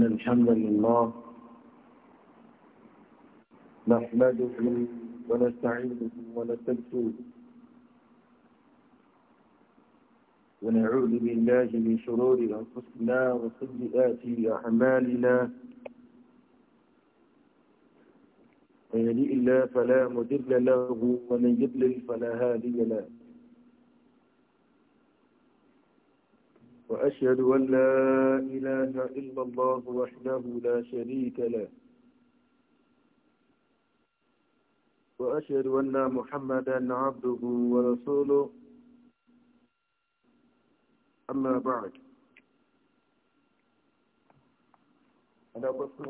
إن الحمد لله نحمده ونستعينه ونستغفره ونعوذ بالله من شرور أنفسنا وسيئات أعمالنا من يهدئ الله فلا مضل له ومن يضلل فلا هادي له وأشهد أن لا إله إلا الله وحده لا شريك له وأشهد أن محمدا عبده ورسوله أما بعد أنا بصر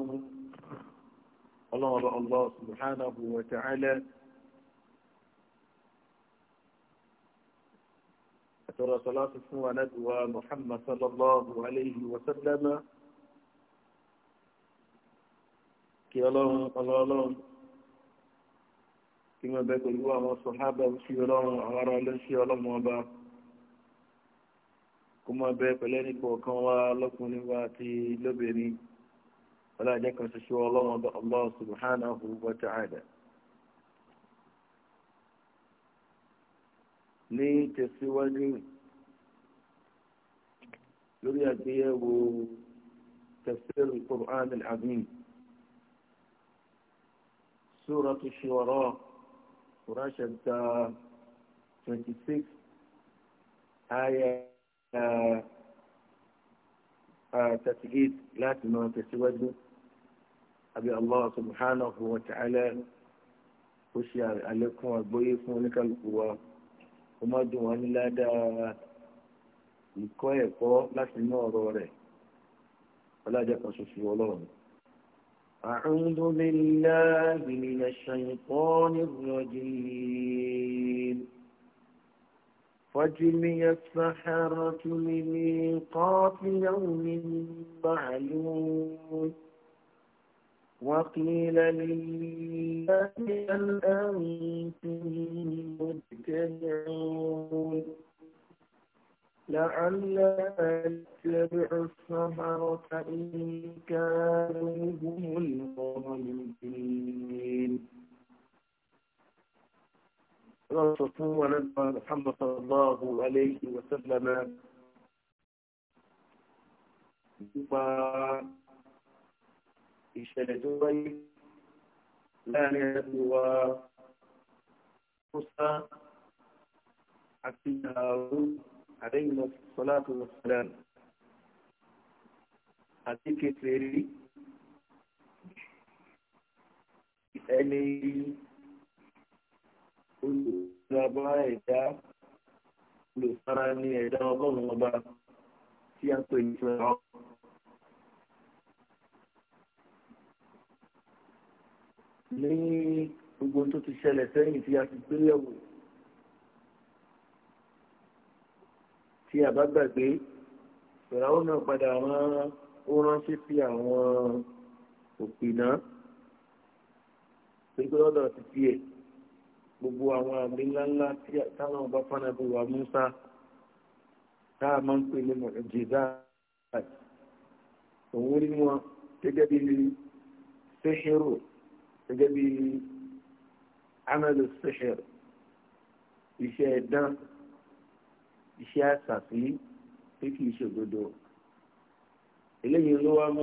الله الله سبحانه وتعالى tọrọ sọláàtì fún anábìwá muhammad sallallahu alayhi wa sallam kí ọlọ́run ọlọ́run kí wọ́n bẹ pẹ̀lú àwọn sọ̀hábà sí ọlọ́run àwọn ará ọlọ́sí ọlọ́run ọba kó máa bẹ pẹ̀lẹ́ nípa ọ̀kan wa lọ́kùnrin wa àti lóbìnrin ọlọ́run ajẹ́kan ṣoṣo ọlọ́run ọba allah subhanahu wa ta'ala. ní tẹ̀síwájú lórí àgbéyẹ̀wò tafsir al-Qur'an al-Azim Suratu Shu'ara Quran chapter 26 aya 38 láti máa tẹ̀síwájú àbí Allah subhanahu wa ta'ala ó ṣe àlékún àgbóyé fún oníkàlùkù wa. kó má dùn ládàá ìkọ́ ẹ̀kọ́ láti inú ọ̀rọ̀ rẹ̀ ọlájà ọlọ́run. أعوذ بالله من الشيطان الرجيم فجمي السحرة لميقات يوم معلوم وقيل لله هل أنتم مذكرون لعل أتبع السحرة إن كانوا هم الظالمين رسول الله محمد صلى الله عليه وسلم ìṣẹ̀lẹ̀ tó wáyé láàrin ẹgbẹ́ wa Musa àti ìyàwó àdéhùn sọláàtù sọláàn àti kékeré ẹni olùgbàgbà ẹ̀dá olùfara ní ẹ̀dá ọgọ́rùn-ún ọba tí a pè ní fúnra ọkọ̀. ní gbogbo tó ti ṣẹlẹ̀ sẹ́yìn tí a ti gbéyẹ̀wò tí a bá gbàgbé ìràwó náà padà rán ó ránṣẹ́ sí àwọn òpìnà pé gbọ́dọ̀ ti tiẹ̀ gbogbo àwọn àmì ńláńlá tí táwọn ọba fánàbí wa Musa tá a máa ń pè ní mọ̀jẹ̀dá òun rí wọn gẹ́gẹ́ bí sẹ́ṣẹ́rò gẹ́gẹ́ bí amalu sihir iṣẹ́ ẹ̀dán iṣẹ́ àṣàfi pé kì í ṣòdodo eléyìí ló wá mú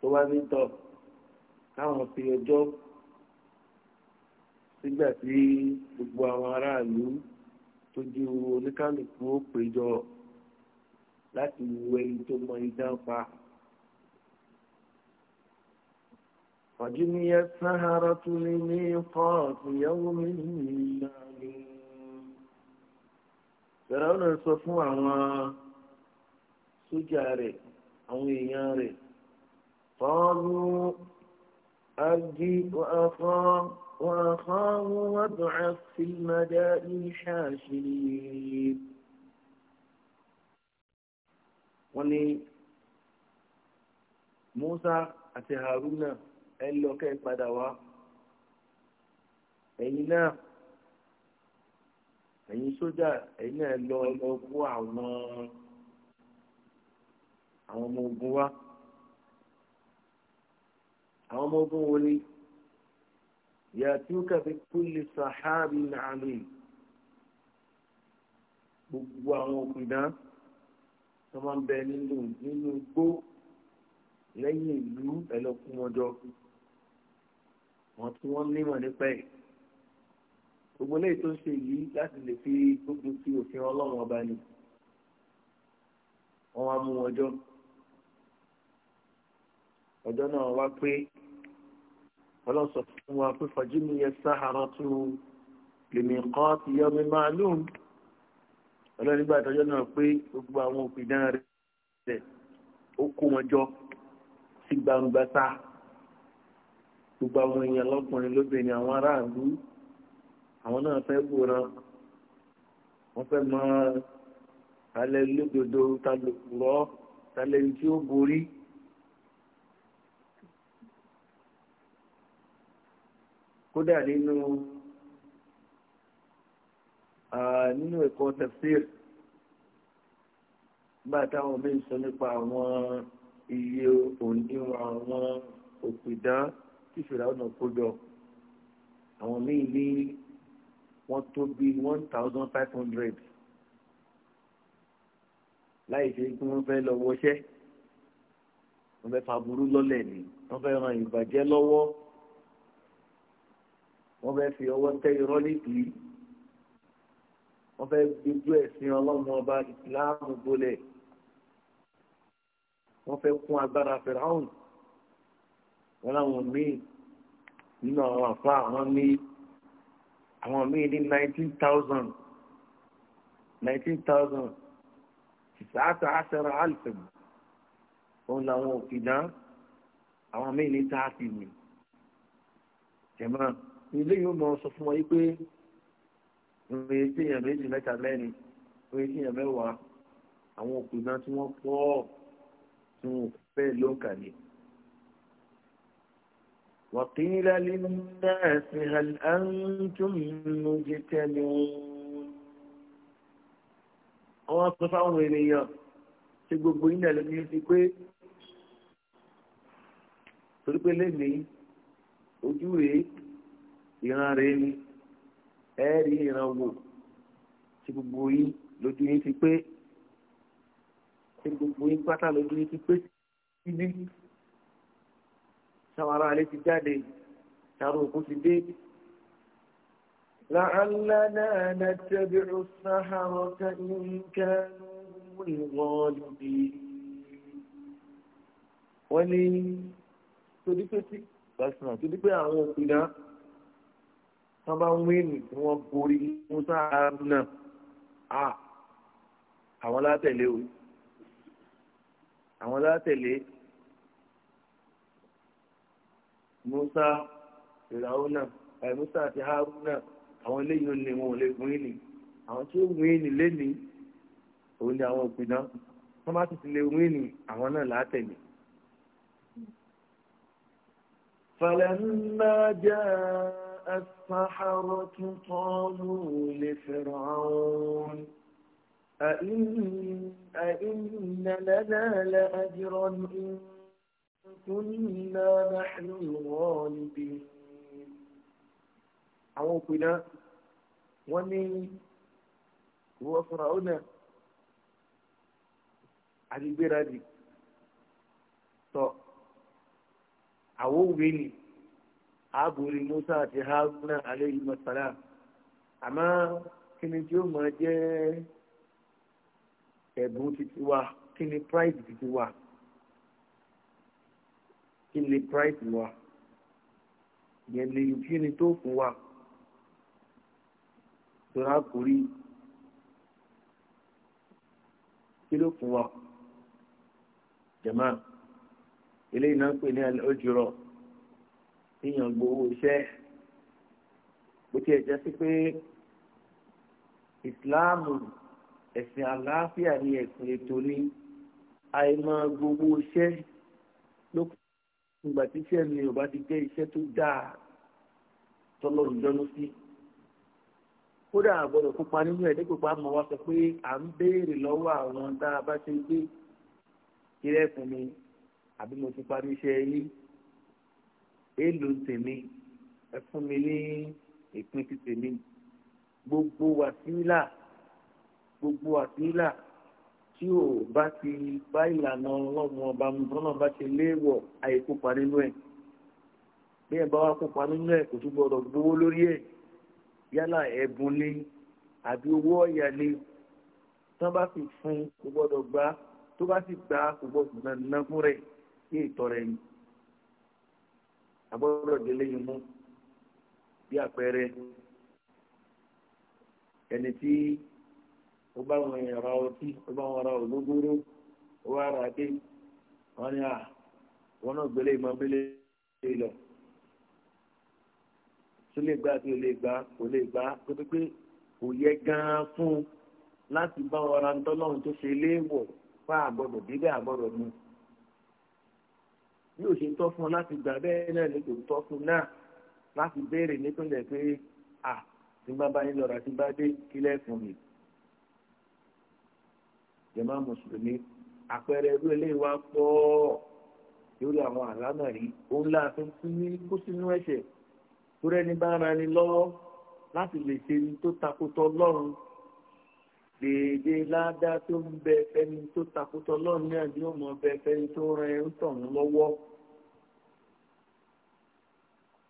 tó wá ní tọ́ káwọn fi ọjọ́ sígbà tí gbogbo àwọn aráàlú tó ju oníkálukú ó péjọ láti wo ẹni tó mọ idán pa. وجني السهرة لميقات يوم معلوم Fẹ̀rẹ̀ọ́nà sọ fún àwọn sójà rẹ̀, àwọn èèyàn rẹ̀, fọ́ọ̀lù àjí وأخاه وابعث في المدائن حاشرين wọ́n ni Musa àti Haruna ẹ lọ kẹ́ ẹ padà wá ẹ̀yin náà ẹ̀yin sójà ẹ̀yin náà lọ ẹ lọ kó àwọn àwọn ọmọ ogun wá àwọn ọmọ ogun wo ni yàtúkà fi kulli sàhábì nàámi gbogbo àwọn òpìdán tó máa ń bẹ nínú nínú igbó lẹ́yìn ìlú ẹlọ́kùn ọjọ́ wọn tí wọ́n nímọ̀ nípa ẹ̀ gbogbo lẹ́yìn tó ń ṣe yìí láti lè fi gbogbo sí òfin ọlọ́run ọba ni wọ́n wá mú ọjọ́ ọjọ́ náà wá pé ọlọ́run sọ fún wa pé fàjímù yẹ sáhàrà tún lèmi kọ́ ti yọ mi máa lóhùn ọlọ́run nígbà ìtọ́jọ́ náà pé gbogbo àwọn òpìdán rẹ̀ ó kó wọn jọ sí gbangba sáà gbogbo àwọn èèyàn lọ́kùnrin lóbìnrin àwọn aráàlú àwọn náà fẹ́ wòran wọ́n fẹ́ mọ alẹ́ lódodo ta ló purọ́ ta lẹ́yìn tí ó borí. kódà nínú nínú ẹ̀kọ́ tafsir bá táwọn mí sọ nípa àwọn iye òǹdíwọ̀n àwọn òpìdán tí ìṣòro àwọn náà kó jọ àwọn míì ní wọ́n tó bí one thousand five hundred láì ṣe pé wọ́n fẹ́ lọ wọṣẹ́ wọ́n fẹ́ faburú lọ́lẹ̀ ni wọ́n fẹ́ ran ìbàjẹ́ lọ́wọ́ wọ́n fẹ́ fi ọwọ́ tẹ irọ́ nìkì wọ́n fẹ́ gbójú ẹ̀sìn ọlọ́run ọba ìsìláàmù gbolẹ̀ wọ́n fẹ́ kún agbára fẹ̀ráhùn wọn láwọn míì nínú àwọn àfa àwọn míì àwọn míì ní nineteen thousand nineteen thousand tìsáàtà àṣẹrà àlùfẹ̀m òun làwọn òkìdán àwọn míì ní táàtì mi jẹ̀mọ́ ilé yóò mọ sọ fún wa yìí pé ìròyìn tí èèyàn méjì mẹ́ta mẹ́rin ìròyìn tí èèyàn mẹ́wàá àwọn òkìdán tí wọ́n pọ̀ tí wọ́n fẹ́ ló kà ní. وقيل للناس هل أنتم مجتمعون àwọn sọ fáwọn ènìyàn tí gbogbo iná lómi ti pé torí pé lẹ́nìí ojú rèé ìran rèé ni ẹ rí ìran wò tí gbogbo yín lójú yín ti pé tí gbogbo yín pátá lójú yín ti pé síbí táwọn ará ilé ti jáde táwọn òkú ti dé. لعلنا نتبع السحرة إن كانوا هم الغالبين wọ́n ní torí pé tí gbàsùnà torí pé àwọn òpìdá wọ́n bá ń wéènì tí wọ́n borí musa aruna a àwọn látẹ̀lé o àwọn látẹ̀lé musa fìràwọ́nà eh, musa àti haruna àwọn eléyìí ò ní wọn ò lè gún ìní àwọn tí ó gún ìní lẹ́ni òun ni àwọn òpinna wọ́n bá ti ti lè gún ìní àwọn náà látẹ̀lé. فلما جاء السحرة قالوا لفرعون أئن, أئن لنا لأجرا إن إنا نحن الغالبين àwọn òpinna wọ́n ní ìwọ fúnraúnà àti gbéradì tọ àwọn òwe ni ààbòrí Musa àti Haruna alayhi salam àmọ́ kíni tí ó máa jẹ́ ẹ̀bùn títí wa kíni pride títí wa kí ni price wa yẹn ni kí ni tó fún wa tọ́lá kò rí kí ló fún wa jẹ̀mọ́ eléyìí náà ń pè ní ọjọ́rọ̀ èèyàn gbowó iṣẹ́ bó tiẹ̀ jẹ́ sí pé ìsìláàmù ẹ̀sìn àlàáfíà ni ẹ̀sìn ètò ni àìmọ̀ gbogbo iṣẹ́ ìgbà tí iṣẹ́ mi ò bá ti jẹ́ iṣẹ́ tó dáa tọ́lọ́run jọ́nú sí kódà àgbọ̀dọ̀ kópa nínú ẹ̀ dípò pa mọ̀ wá sọ pé à ń béèrè lọ́wọ́ àwọn tá a bá ṣe gbé ìrẹ́kùn mi àbí mo ti parí iṣẹ́ yín èèlò tèmi ẹ fún mi ní ìpín ti tèmi gbogbo wàsílà gbogbo wàsílà tí o bá ti bá ìlànà ọlọ́run ọba mùsùlùmí bá ṣe léèwọ̀ àìkópa nínú ẹ̀ bí ẹ̀ bá wá kópa nínú ẹ̀ kò tún gbọ́dọ̀ gbowó lórí ẹ̀ yálà ẹ̀bùn ni àbí owó ọ̀yà ni tán bá sì fún kò gbọ́dọ̀ gbá tó bá sì gbá kò gbọ́dọ̀ ná fún rẹ̀ sí ìtọrẹ ni àgbọ́dọ̀ délé yìí mú bí àpẹẹrẹ ẹni tí ó bá wọn èèyàn ra ọtí ó bá wọn ra ògógóró ó wá ra dé wọn ni à wọn náà gbélé ìmọ̀ gbélé lọ tó lè gbá tó lè gbá kò lè gbá kó tó pé kò yẹ gan-an fún un láti bá wọn ra ntọ́lọ́run tó ṣe léèwọ̀ fún àgbọ̀dọ̀ bíbẹ́ àgbọ̀dọ̀ mu bí ó ṣe tọ́ fún ọ láti gbà bẹ́ẹ̀ náà ló tó tọ́ fún náà láti béèrè nípìnlẹ̀ pé à tí bá bá yín lọ́ra tí bá dé kílẹ̀ fún mi jàmá mùsùlùmí àpẹẹrẹ irú eléyìí wá pọ̀ lórí àwọn àlámà yìí òun là fi kú ní kú sínú ẹ̀ṣẹ̀ tó rẹ́ni bá ara ẹni lọ́wọ́ láti lè ṣe ní tó takotọ́ lọ́run dèédé ládá tó ń bẹ fẹ́ni tó takotọ́ lọ́run náà ni mọ bẹ fẹ́ni tó ran ẹrú tọ̀hún lọ́wọ́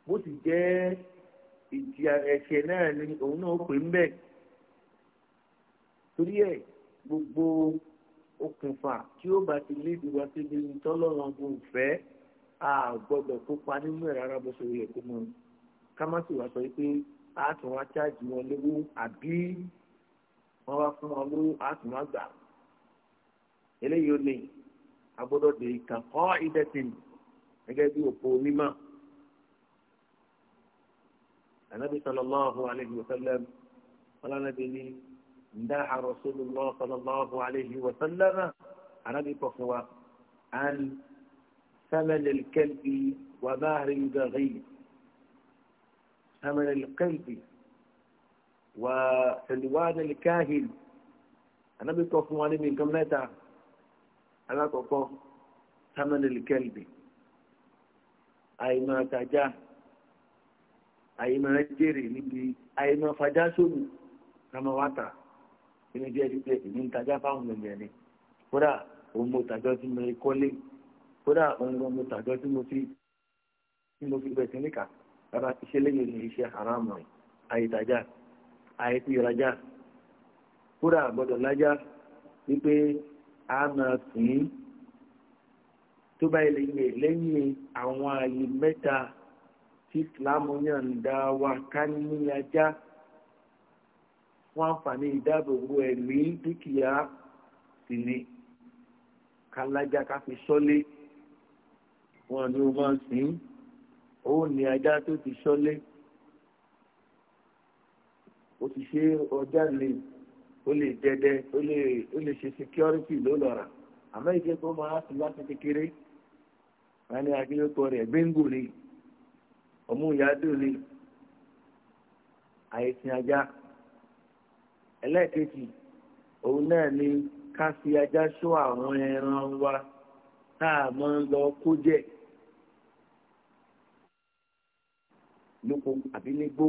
bó sì jẹ́ ìjìyà ẹ̀ṣẹ̀ náà ni òun náà pè ń bẹ̀ torí ẹ̀ gbogbo okùnfà tí ó bá ti léèdì wá síbi ìtọ́lọ́run bó fẹ́ a gbọ́dọ̀ kópa nínú ẹ̀ rárá bó ṣe yẹ kó mọ ká má sì wá sọ pé a tún wá chájì wọn lówó àbí wọn wá fún wọn lówó a tún wá gbà eléyìí ó lè a gbọ́dọ̀ dé ìkàkọ́ ìdẹ́sìn gẹ́gẹ́ bí òpó mímọ́. Ànábì sallallahu alayhi wa sallam ọlọ́nàbí ni. دعا رسول الله صلى الله عليه وسلم عن أبي صفوة عن ثمن الكلب ومهر البغي ثمن الكلب وحلوان الكاهل أنا صلى الله من كم كم أنا أقول ثمن الكلب أي ما ايما أي ما جري أي ما فجاسون كما وطأ inú jẹ́ ti pé èmi ń tajà fáwọn èèyàn ni kódà òun mo tàjọ tí mo kọ́lé kódà òun mo tàjọ tí mo fi tí mo fi bẹ̀ sí níkà bàbá iṣẹ́ lẹ́yìn ní iṣẹ́ haram rẹ̀ àyètàjà àyètì ìrajà kódà gbọ́dọ̀ lájà wípé a máa sìn tó bá yẹ lẹ́yìn àwọn ààyè mẹ́ta tí Islam yàn dá wa ká ní fún àǹfààní ìdáàbòbò ẹ̀mí dúkìá sì ni kálájà ká fi sọ́lé wọn ni ó máa ń sìn ó ní ajá tó ti sọ́lé ó ti ṣe ọjà lè ó lè dẹdẹ ó lè ṣe security ló lọ́ra àmọ́ ìṣe tó máa sùn láti kékeré wọn ni akínyókò rẹ̀ bíngò ni ọmú ìyá dùn ni àìsàn ajá ẹlẹ́ẹ̀kejì òun náà ni ká fi ajá ṣọ́ àwọn ẹran wa tá a máa ń lọ kó jẹ lóko àbí nígbó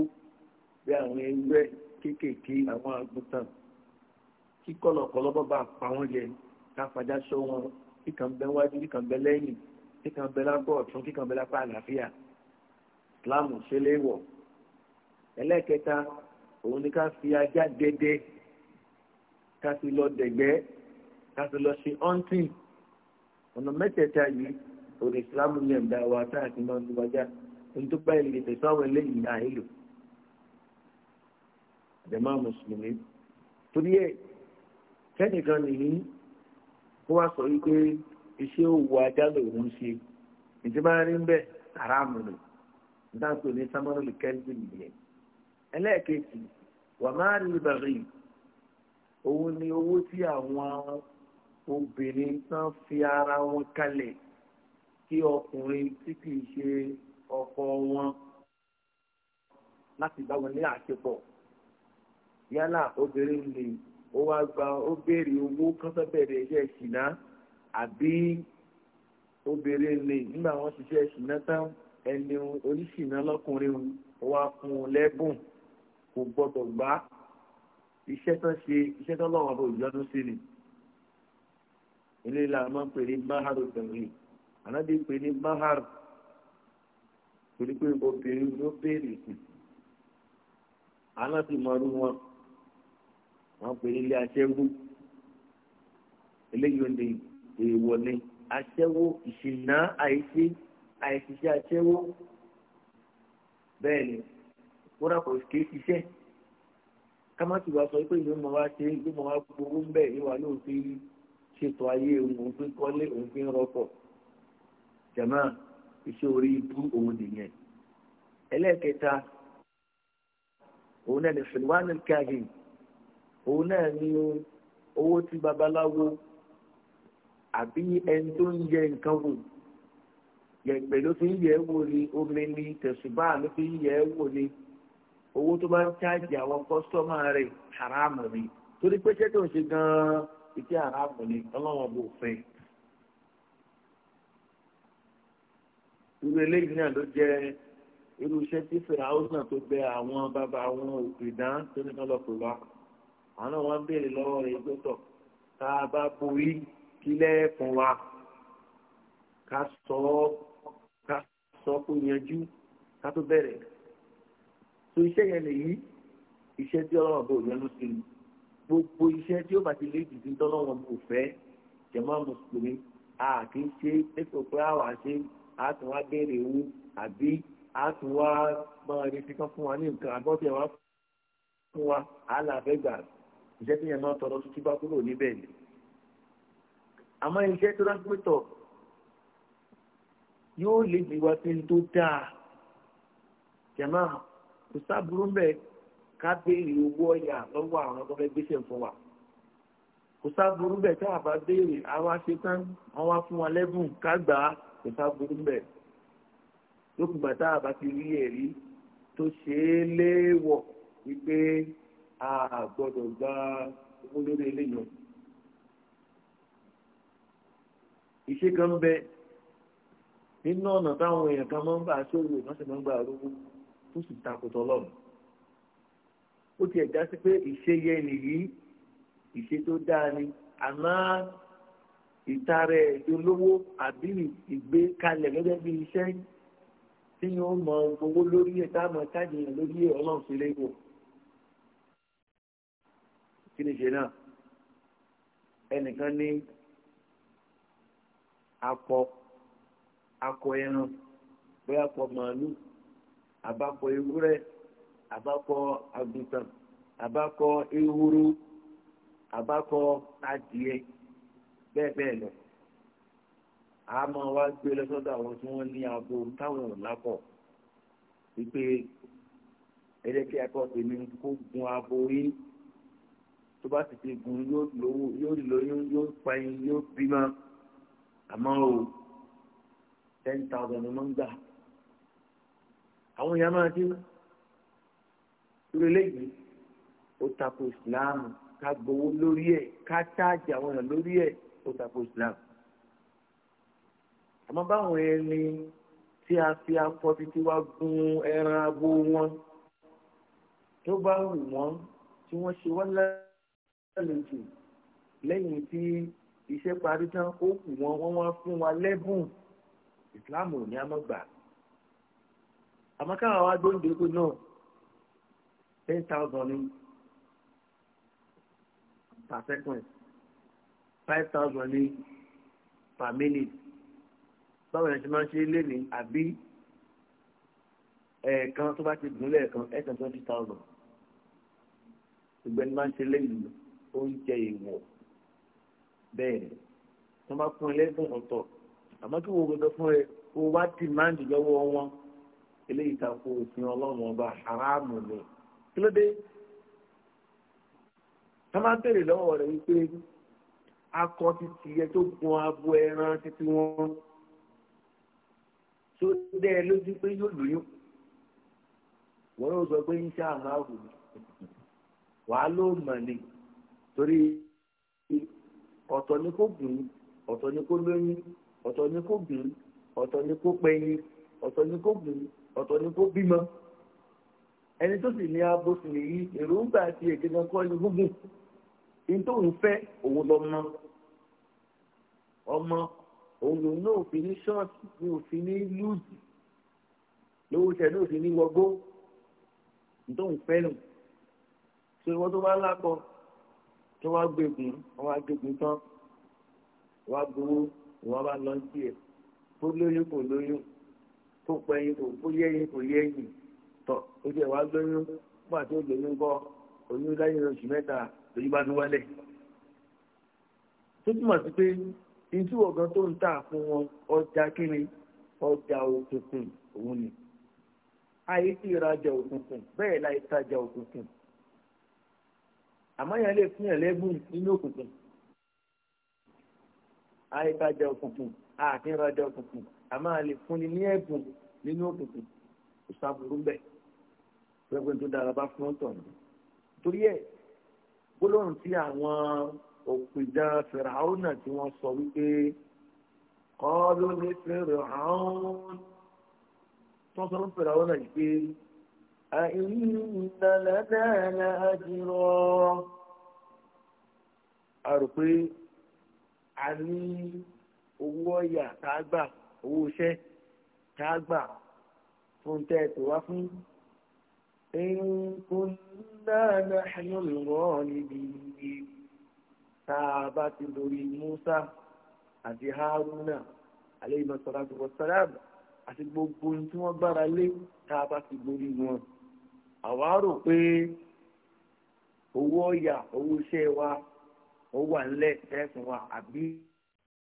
bí àwọn ewúrẹ́ kéékèèké àwọn àgùntàn kí kọ̀lọ̀kọ̀lọ̀ bá bá pa wọ́n jẹ ká fajá ṣọ́ wọn kíkan bẹ wájú kíkan bẹ lẹ́yìn kíkan bẹ lábọ̀ ọ̀tún kíkan bẹ lápá àlàáfíà Islam ṣe léèwọ̀ ẹlẹ́ẹ̀kẹta òun ni ká fi ajá dẹdẹ ká fi lọ dẹgbẹ ká fi lọ ṣe hunting ọ̀nà mẹ́tẹ̀ẹ̀ta yìí òde ìsìlámù ní ẹ̀dá wa tá a ti máa ń lu ajá ohun tó báyìí lè tẹ̀sán àwọn eléyìí náà èlò àdèmá mùsùlùmí torí ẹ̀ kẹ́nìkan nìyí kó wá sọ wípé iṣẹ́ òwò ajá lòun ṣe ìdí máa rí ń bẹ́ẹ̀ àràmù nì nígbà tó ní sámọ́rọ́lì kẹ́ńtì nìyẹn ẹlẹ́ẹ̀kejì wà máa ní ìbàrí òun ni owó tí àwọn obìnrin tán fi ara wọn kalẹ̀ kí ọkùnrin tí kì í ṣe ọkọ wọn láti bá wọn ní àṣepọ̀ yálà obìnrin lè ó wá gba ó béèrè owó kán bẹ̀rẹ̀ iṣẹ́ ìṣìná àbí obìnrin lè nígbà wọn ṣiṣẹ́ ìṣìná tán ẹni oníṣìná lọ́kùnrin ó wá fún un lẹ́bùn kò gbọdọ̀ gbá iṣẹ́ tán ṣe iṣẹ́ tán lọ́wọ́ àbọ̀ ìjọ́nú sí ni eléyìí la máa ń pè ní mahar tẹ̀wé ànábì pè ní mahar torí pé obìnrin ló béèrè àná sì mọ ọdún wọn wọn pè ní ilé aṣẹ́wó eléyìí ni èèwọ̀ ni aṣẹ́wó ìṣìnà àìsí àìsíṣẹ́ aṣẹ́wó bẹ́ẹ̀ ni kódà kò kì í ṣiṣẹ́ ká má ti wá sọ pé ìlú mọ̀ wá ṣe ìlú mọ̀ wá gbowó ń bẹ̀ ìwà lóò fi ṣètò ayé òun fi kọ́lé òun fi ń rọ́pọ̀ jàmá iṣẹ́ orí ibú òun nìyẹn ẹlẹ́ẹ̀kẹta òun náà ní fìlúwánì káàdì òun náà ní owó tí babaláwo àbí ẹni tó ń yẹ nǹkan wò yẹ̀pẹ̀ ló fi ń yẹ̀ wò ni omi ni tẹ̀sùbáà ló fi ń yẹ̀ wò ni owó tó bá ń ṣáàjì àwọn kọ́sítọ́mà rẹ̀ haramu ni torí pé ṣé tó ń ṣe gan-an ìṣe haramu ni ọlọ́wọ́n bò fẹ́. irú eléyìí náà ló jẹ́ irú iṣẹ́ tí fìràwọ́sì náà tó bẹ àwọn bàbá àwọn òpìdán tó ní kán lọ pè àwọn náà wọ́n ń béèrè lọ́wọ́ rẹ̀ gbọ́dọ̀ tá a bá borí kílẹ̀ fún wa ká sọ ọ́ ká sọ ọ́ kó yanjú ká tó bẹ̀rẹ̀ so iṣẹ́ yẹn nìyí iṣẹ́ tí ọlọ́run bò yẹn ló ti ní gbogbo iṣẹ́ tí ó bá ti lé dìdí tọ́lọ́run bò fẹ́ jẹ̀mọ́ mùsùlùmí a kì í ṣe pépè pé a wà ṣe a tún wá béèrè owó àbí a tún wá máa retí kan fún wa ní nǹkan àbọ̀tẹ̀ wa fún wa àlàáfẹ́ gbà iṣẹ́ tí yẹn náà tọrọ tuntun bá kúrò níbẹ̀ ni àmọ́ iṣẹ́ tó rágbétọ̀ yóò lè gbé wa pé n tó dáa jẹ̀mọ́ kò sábúrú mbẹ ká béèrè owó ọ̀yà lọ́wọ́ àwọn tó fẹ́ gbéṣẹ́ fún wa kò sábúrú mbẹ tá a bá béèrè àwa ṣe tán wọn wá fún wa lẹ́bùn ká gbà á kò sábúrú mbẹ lókùngbà tá a bá ti rí ẹ̀rí tó ṣe é léèwọ̀ wípé a gbọ́dọ̀ gba owó lórí eléyìí ìṣe kan bẹ nínú ọ̀nà táwọn èèyàn kan máa ń gbà ṣòwò wọ́n sì máa ń gbà rówó tó sì takòtò ọlọ́run ó ti ẹ̀dá sí pé ìṣe yẹn nìyí ìṣe tó dáa ni àmọ́ ìtarẹ̀ ìdólówó àbí ìgbé kalẹ̀ gẹ́gẹ́ bí iṣẹ́ tí yóò mọ owó lórí ẹ̀ tá a mọ káàdì yẹn lórí ẹ̀ ọlọ́run sí lẹ́kọ̀ọ́ kí ni ṣe náà ẹnìkan ní akọ akọ ẹran bóyá akọ màálù àbákọ ewúrẹ́ àbákọ àgùntàn àbákọ ewúro àbákọ adìẹ bẹ́ẹ̀ bẹ́ẹ̀ lọ a máa wá gbé lọ́sọ́dọ̀ àwọn tí wọ́n ní abo táwọn ò lápọ̀ wípé ẹlẹ́kẹ́ akọ́ tèmi kó gun abo yín tó bá ti ti gun yóò lówó yóò lóyún yóò pẹ́yìn yóò bímọ àmọ́ o ten thousand ló ń gbà àwọn èèyàn máa ti ń irú eléyìí ó tako ìsìláàmù ká gbowó lórí ẹ̀ ká táàjì àwọn èèyàn lórí ẹ̀ ó tako ìsìláàmù àmọ́ báwọn ẹni tí a fi akọ títí wá gun ẹran abo wọn tó bá wù wọ́n tí wọ́n ṣe wọ́n lálejò lẹ́yìn tí iṣẹ́ parí tán ó wù wọ́n wọ́n wá fún wa lẹ́bùn ìsìláàmù ò ní àmọ́ gbà àmọ́ káwọn wá gbóǹde pé náà ten thousand ní per second five thousand ní per minute báwo ni a ti máa ń ṣe lénìí àbí ẹ̀ẹ̀kan tó bá ti gùn lẹ́ẹ̀kan ẹ̀sán twenty thousand ìgbẹ́ni máa ń ṣe léyìí oúnjẹ ìwọ̀ bẹ́ẹ̀ ni wọ́n bá fún ẹ lẹ́gbẹ̀ẹ́ ọ̀tọ̀ àmọ́ kí wo gbọdọ̀ fún ẹ wo wá dìmáàndì lọ́wọ́ wọn eléyìí tako òfin ọlọ́run ọba haramu ni kí ló dé tá máa béèrè lọ́wọ́ rẹ̀ wípé akọ títí ẹ tó gun abo ẹran títí wọn tó dẹ́ ẹ lójú pé yóò lóyún wọ́n yóò sọ pé iṣẹ́ àwọn wàá ló mọ̀ ni torí ọ̀tọ̀ ni kò gùn ọ̀tọ̀ ni kò lóyún ọ̀tọ̀ ni kò gùn ọ̀tọ̀ ni kò pẹ́yìn ọ̀tọ̀ ni kò gùn ọ̀tọ̀ ni kó bímọ ẹni tó sì ní abo sì nìyí èròǹgbà àti èkéjọ kọ́ ẹni gúngùn ní tó ń fẹ́ òun lọ́mọ ọmọ òun lòun náà fi ní ṣọ́ọ̀tì ní òfin ní lùdì lówó tẹ̀ ní òfin ní wọgbó ní tó ń fẹ́ nù ṣé wọ́n tó bá lápọ̀ tó wá gbẹ̀gùn wọ́n wá gbẹ̀gùn tán wọ́n á gbowó wọ́n bá lọ sí ẹ̀ tó lóyún kò lóyún. tó pẹ́ yín kò kó yé yín kò yé yín tọ̀ ojú lóyún fún àti olóyún kọ́ oyún lẹ́yìn oṣù mẹ́ta lóyún bá wálẹ̀. tó túmọ̀ sí pé ọ̀gán tó ń tà fún wọn ọjà kíni ọjà òkùnkùn òun ni ayé tí ìrajà òkùnkùn bẹ́ẹ̀ láì tajà òkùnkùn lè fún nínú òkùnkùn ayé tajà òkùnkùn àti òkùnkùn a máa lè fúnni ní ẹ̀bùn nínú òkùnkùn kò sábúrú bẹ́ẹ̀ pẹ́pẹ́ tó dára bá fún ọ̀tọ̀nù torí ẹ̀ gbólóhùn tí àwọn òpìdá fìràhónà tí wọ́n sọ wípé kọ́ọ́lù ní fìràhón tó sọ fún fìràhónà yìí pé àìyíndàlẹ́dẹ́ẹ̀lẹ́ àjírọ́ a rò pé a ní owó ọ̀yà tá a gbà fún owó iṣẹ́ tá a gbà fún tẹ́ ẹ wá fún. إن كنا نحن الغالبين tá a bá ti lórí Musa àti Haruna aleyhi masalatu wasalam àti gbogbo ohun tí wọ́n gbára lé tá a bá ti lórí wọn àwa rò pé owó ọ̀yà owó iṣẹ́ wa ó wà ńlẹ̀ tẹ́ fún wa àbí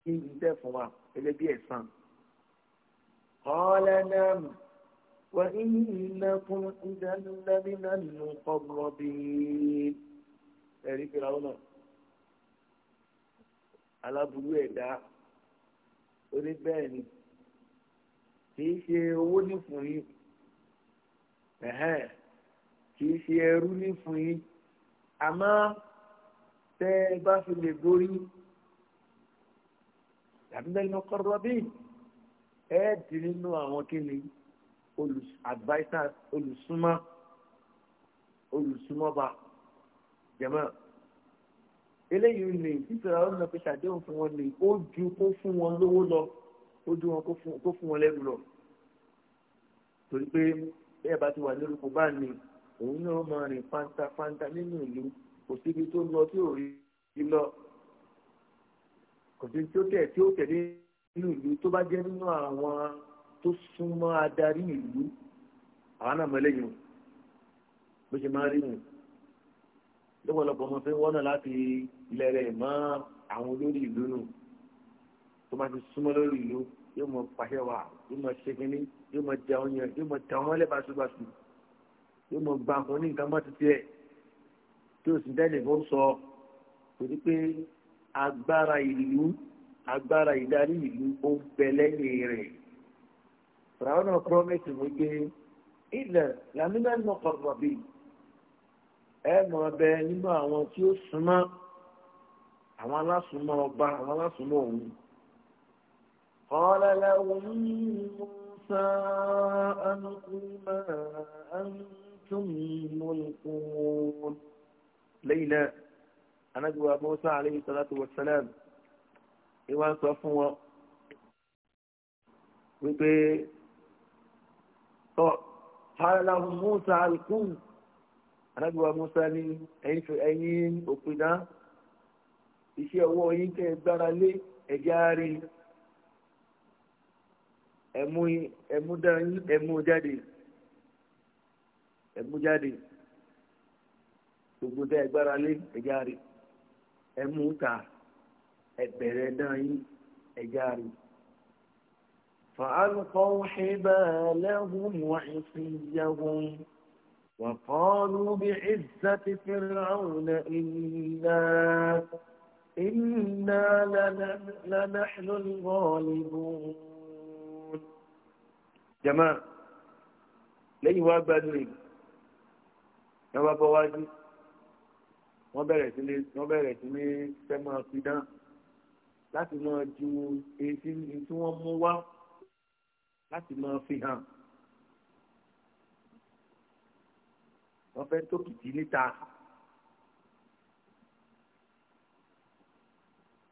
kí n fún wa gẹ́gẹ́ bí ẹ̀san قال نعم وإنكم إذا لمن المقربين ẹ̀rí fìràwọ́nà aláburú ẹ̀dá oníbẹ̀ẹ̀ni kìí ṣe owó ní fún yín kìí ṣe ẹrú ní fún yín àmọ́ tẹ́ bá fi lè borí tàbí lẹ́yìn ọkọ̀ rọ́bìn ẹ̀ẹ́dì nínú àwọn kíni olùsàdìváísà olùsúnmọ́ olùsúnmọ́ba jẹ̀mọ́ eléyìí ni títúra ọ̀nà fi ṣàdéhùn fún wọn ni ó ju kó fún wọn lówó lọ ó ju wọn kó fún wọn lẹ́rù lọ torí pé bẹ́ẹ̀ bá ti wà lórúkọ bá ní òun náà máa rìn fáńtáfáńtá nínú ìlú kò síbi tó lọ tí ò rí lọ kò sí tí ó tẹ̀ tí ó tẹ̀ ní nínú ìlú tó bá jẹ́ nínú àwọn tó súnmọ́ adarí ìlú àwọn náà mọ́lẹ́yìn bó ṣe máa rí nù lọ́pọ̀lọpọ̀ ọmọ fẹ́ wọ́nà láti ilẹ̀ rẹ̀ mọ́ àwọn olórí ìlú nù tó bá ti súnmọ́ lórí ìlú yóò mọ pàṣẹ wà yóò mọ ṣẹ́kínní yóò mọ jẹun yẹn yóò mọ tẹ̀ wọ́n lẹ́bàṣúbàṣù yóò mọ gba nǹkan ní nǹkan mọ́ títí ẹ̀ tí o sì dẹ́lẹ̀ sọ pé agbára ìlú agbára ìdarí ìlú ó ń bẹ lẹ́yìn rẹ̀. Fìràwọ́n náà promise mi pé ilẹ̀ làmínà ń lọkọ̀ rọ̀bì ẹ mọ̀ ọbẹ̀ nínú àwọn tí ó súnmọ́ àwọn alásùnmọ́ ọba àwọn alásùnmọ́ òun. Ọ̀lẹ́lẹ̀ òun sá ẹnukúmọ̀ ẹnitúmí mọ́lùkún. Lẹ́yìn náà, anábìwá Mọ́sá alayhi salatu wa salam ìwà sọ fún wọn wípé tọ́ fàlàlàhùn Musa alkun anábíwá Musa ní ẹ̀yìn òpinà iṣẹ́ ọwọ́ yín tẹ́ gbára lé ẹ̀já rí ẹ̀mú jáde ẹ̀mú jáde gbogbo tẹ́ gbára lé ẹ̀já rí ẹ̀mú tàà ẹ̀bẹ̀rẹ̀ náà yín ẹ̀já rẹ̀. فألقوا حبالهم وعصيهم وقالوا بعزة فرعون إنا إنا لنحن الغالبون جماعة lẹ́yìn wá gbádùn èyí wọ́n bá bọ́ wájú wọ́n bẹ̀rẹ̀ sí ní sẹ́mọ̀ fidán láti máa ju èyí tí wọ́n mú wá láti máa fi hàn. wọ́n fẹ́ tókìtì níta.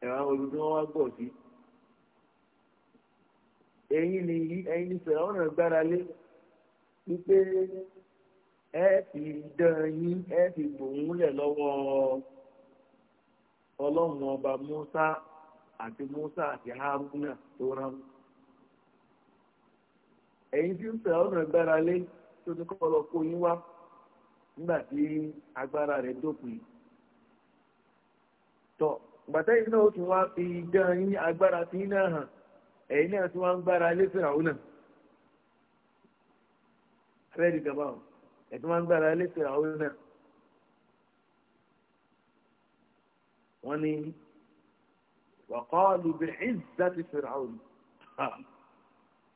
ẹ̀rọ olú tí wọ́n wá gbọ̀ sí. ẹ̀yin ni ẹ̀yin ni fẹ̀rẹ̀ ọ̀nà gbára lé wípé ẹ fi dán yín ẹ fi gbòǹlẹ̀ lọ́wọ́ ọlọ́run ọba Musa. àti Musa àti Haruna tó rán ẹ̀yin tí ń fẹ́ ọ̀nà ìgbára lé tó kọ́ lọ kó yín wá nígbà tí agbára rẹ̀ dópin tọ́ gbàtẹ́ iná ó tún wá fi dán yín agbára tí iná hàn ẹ̀yin náà tí wá ń gbára lé fìrà òun wàkọ́ọ̀lù bí ìzàtì fìràwùn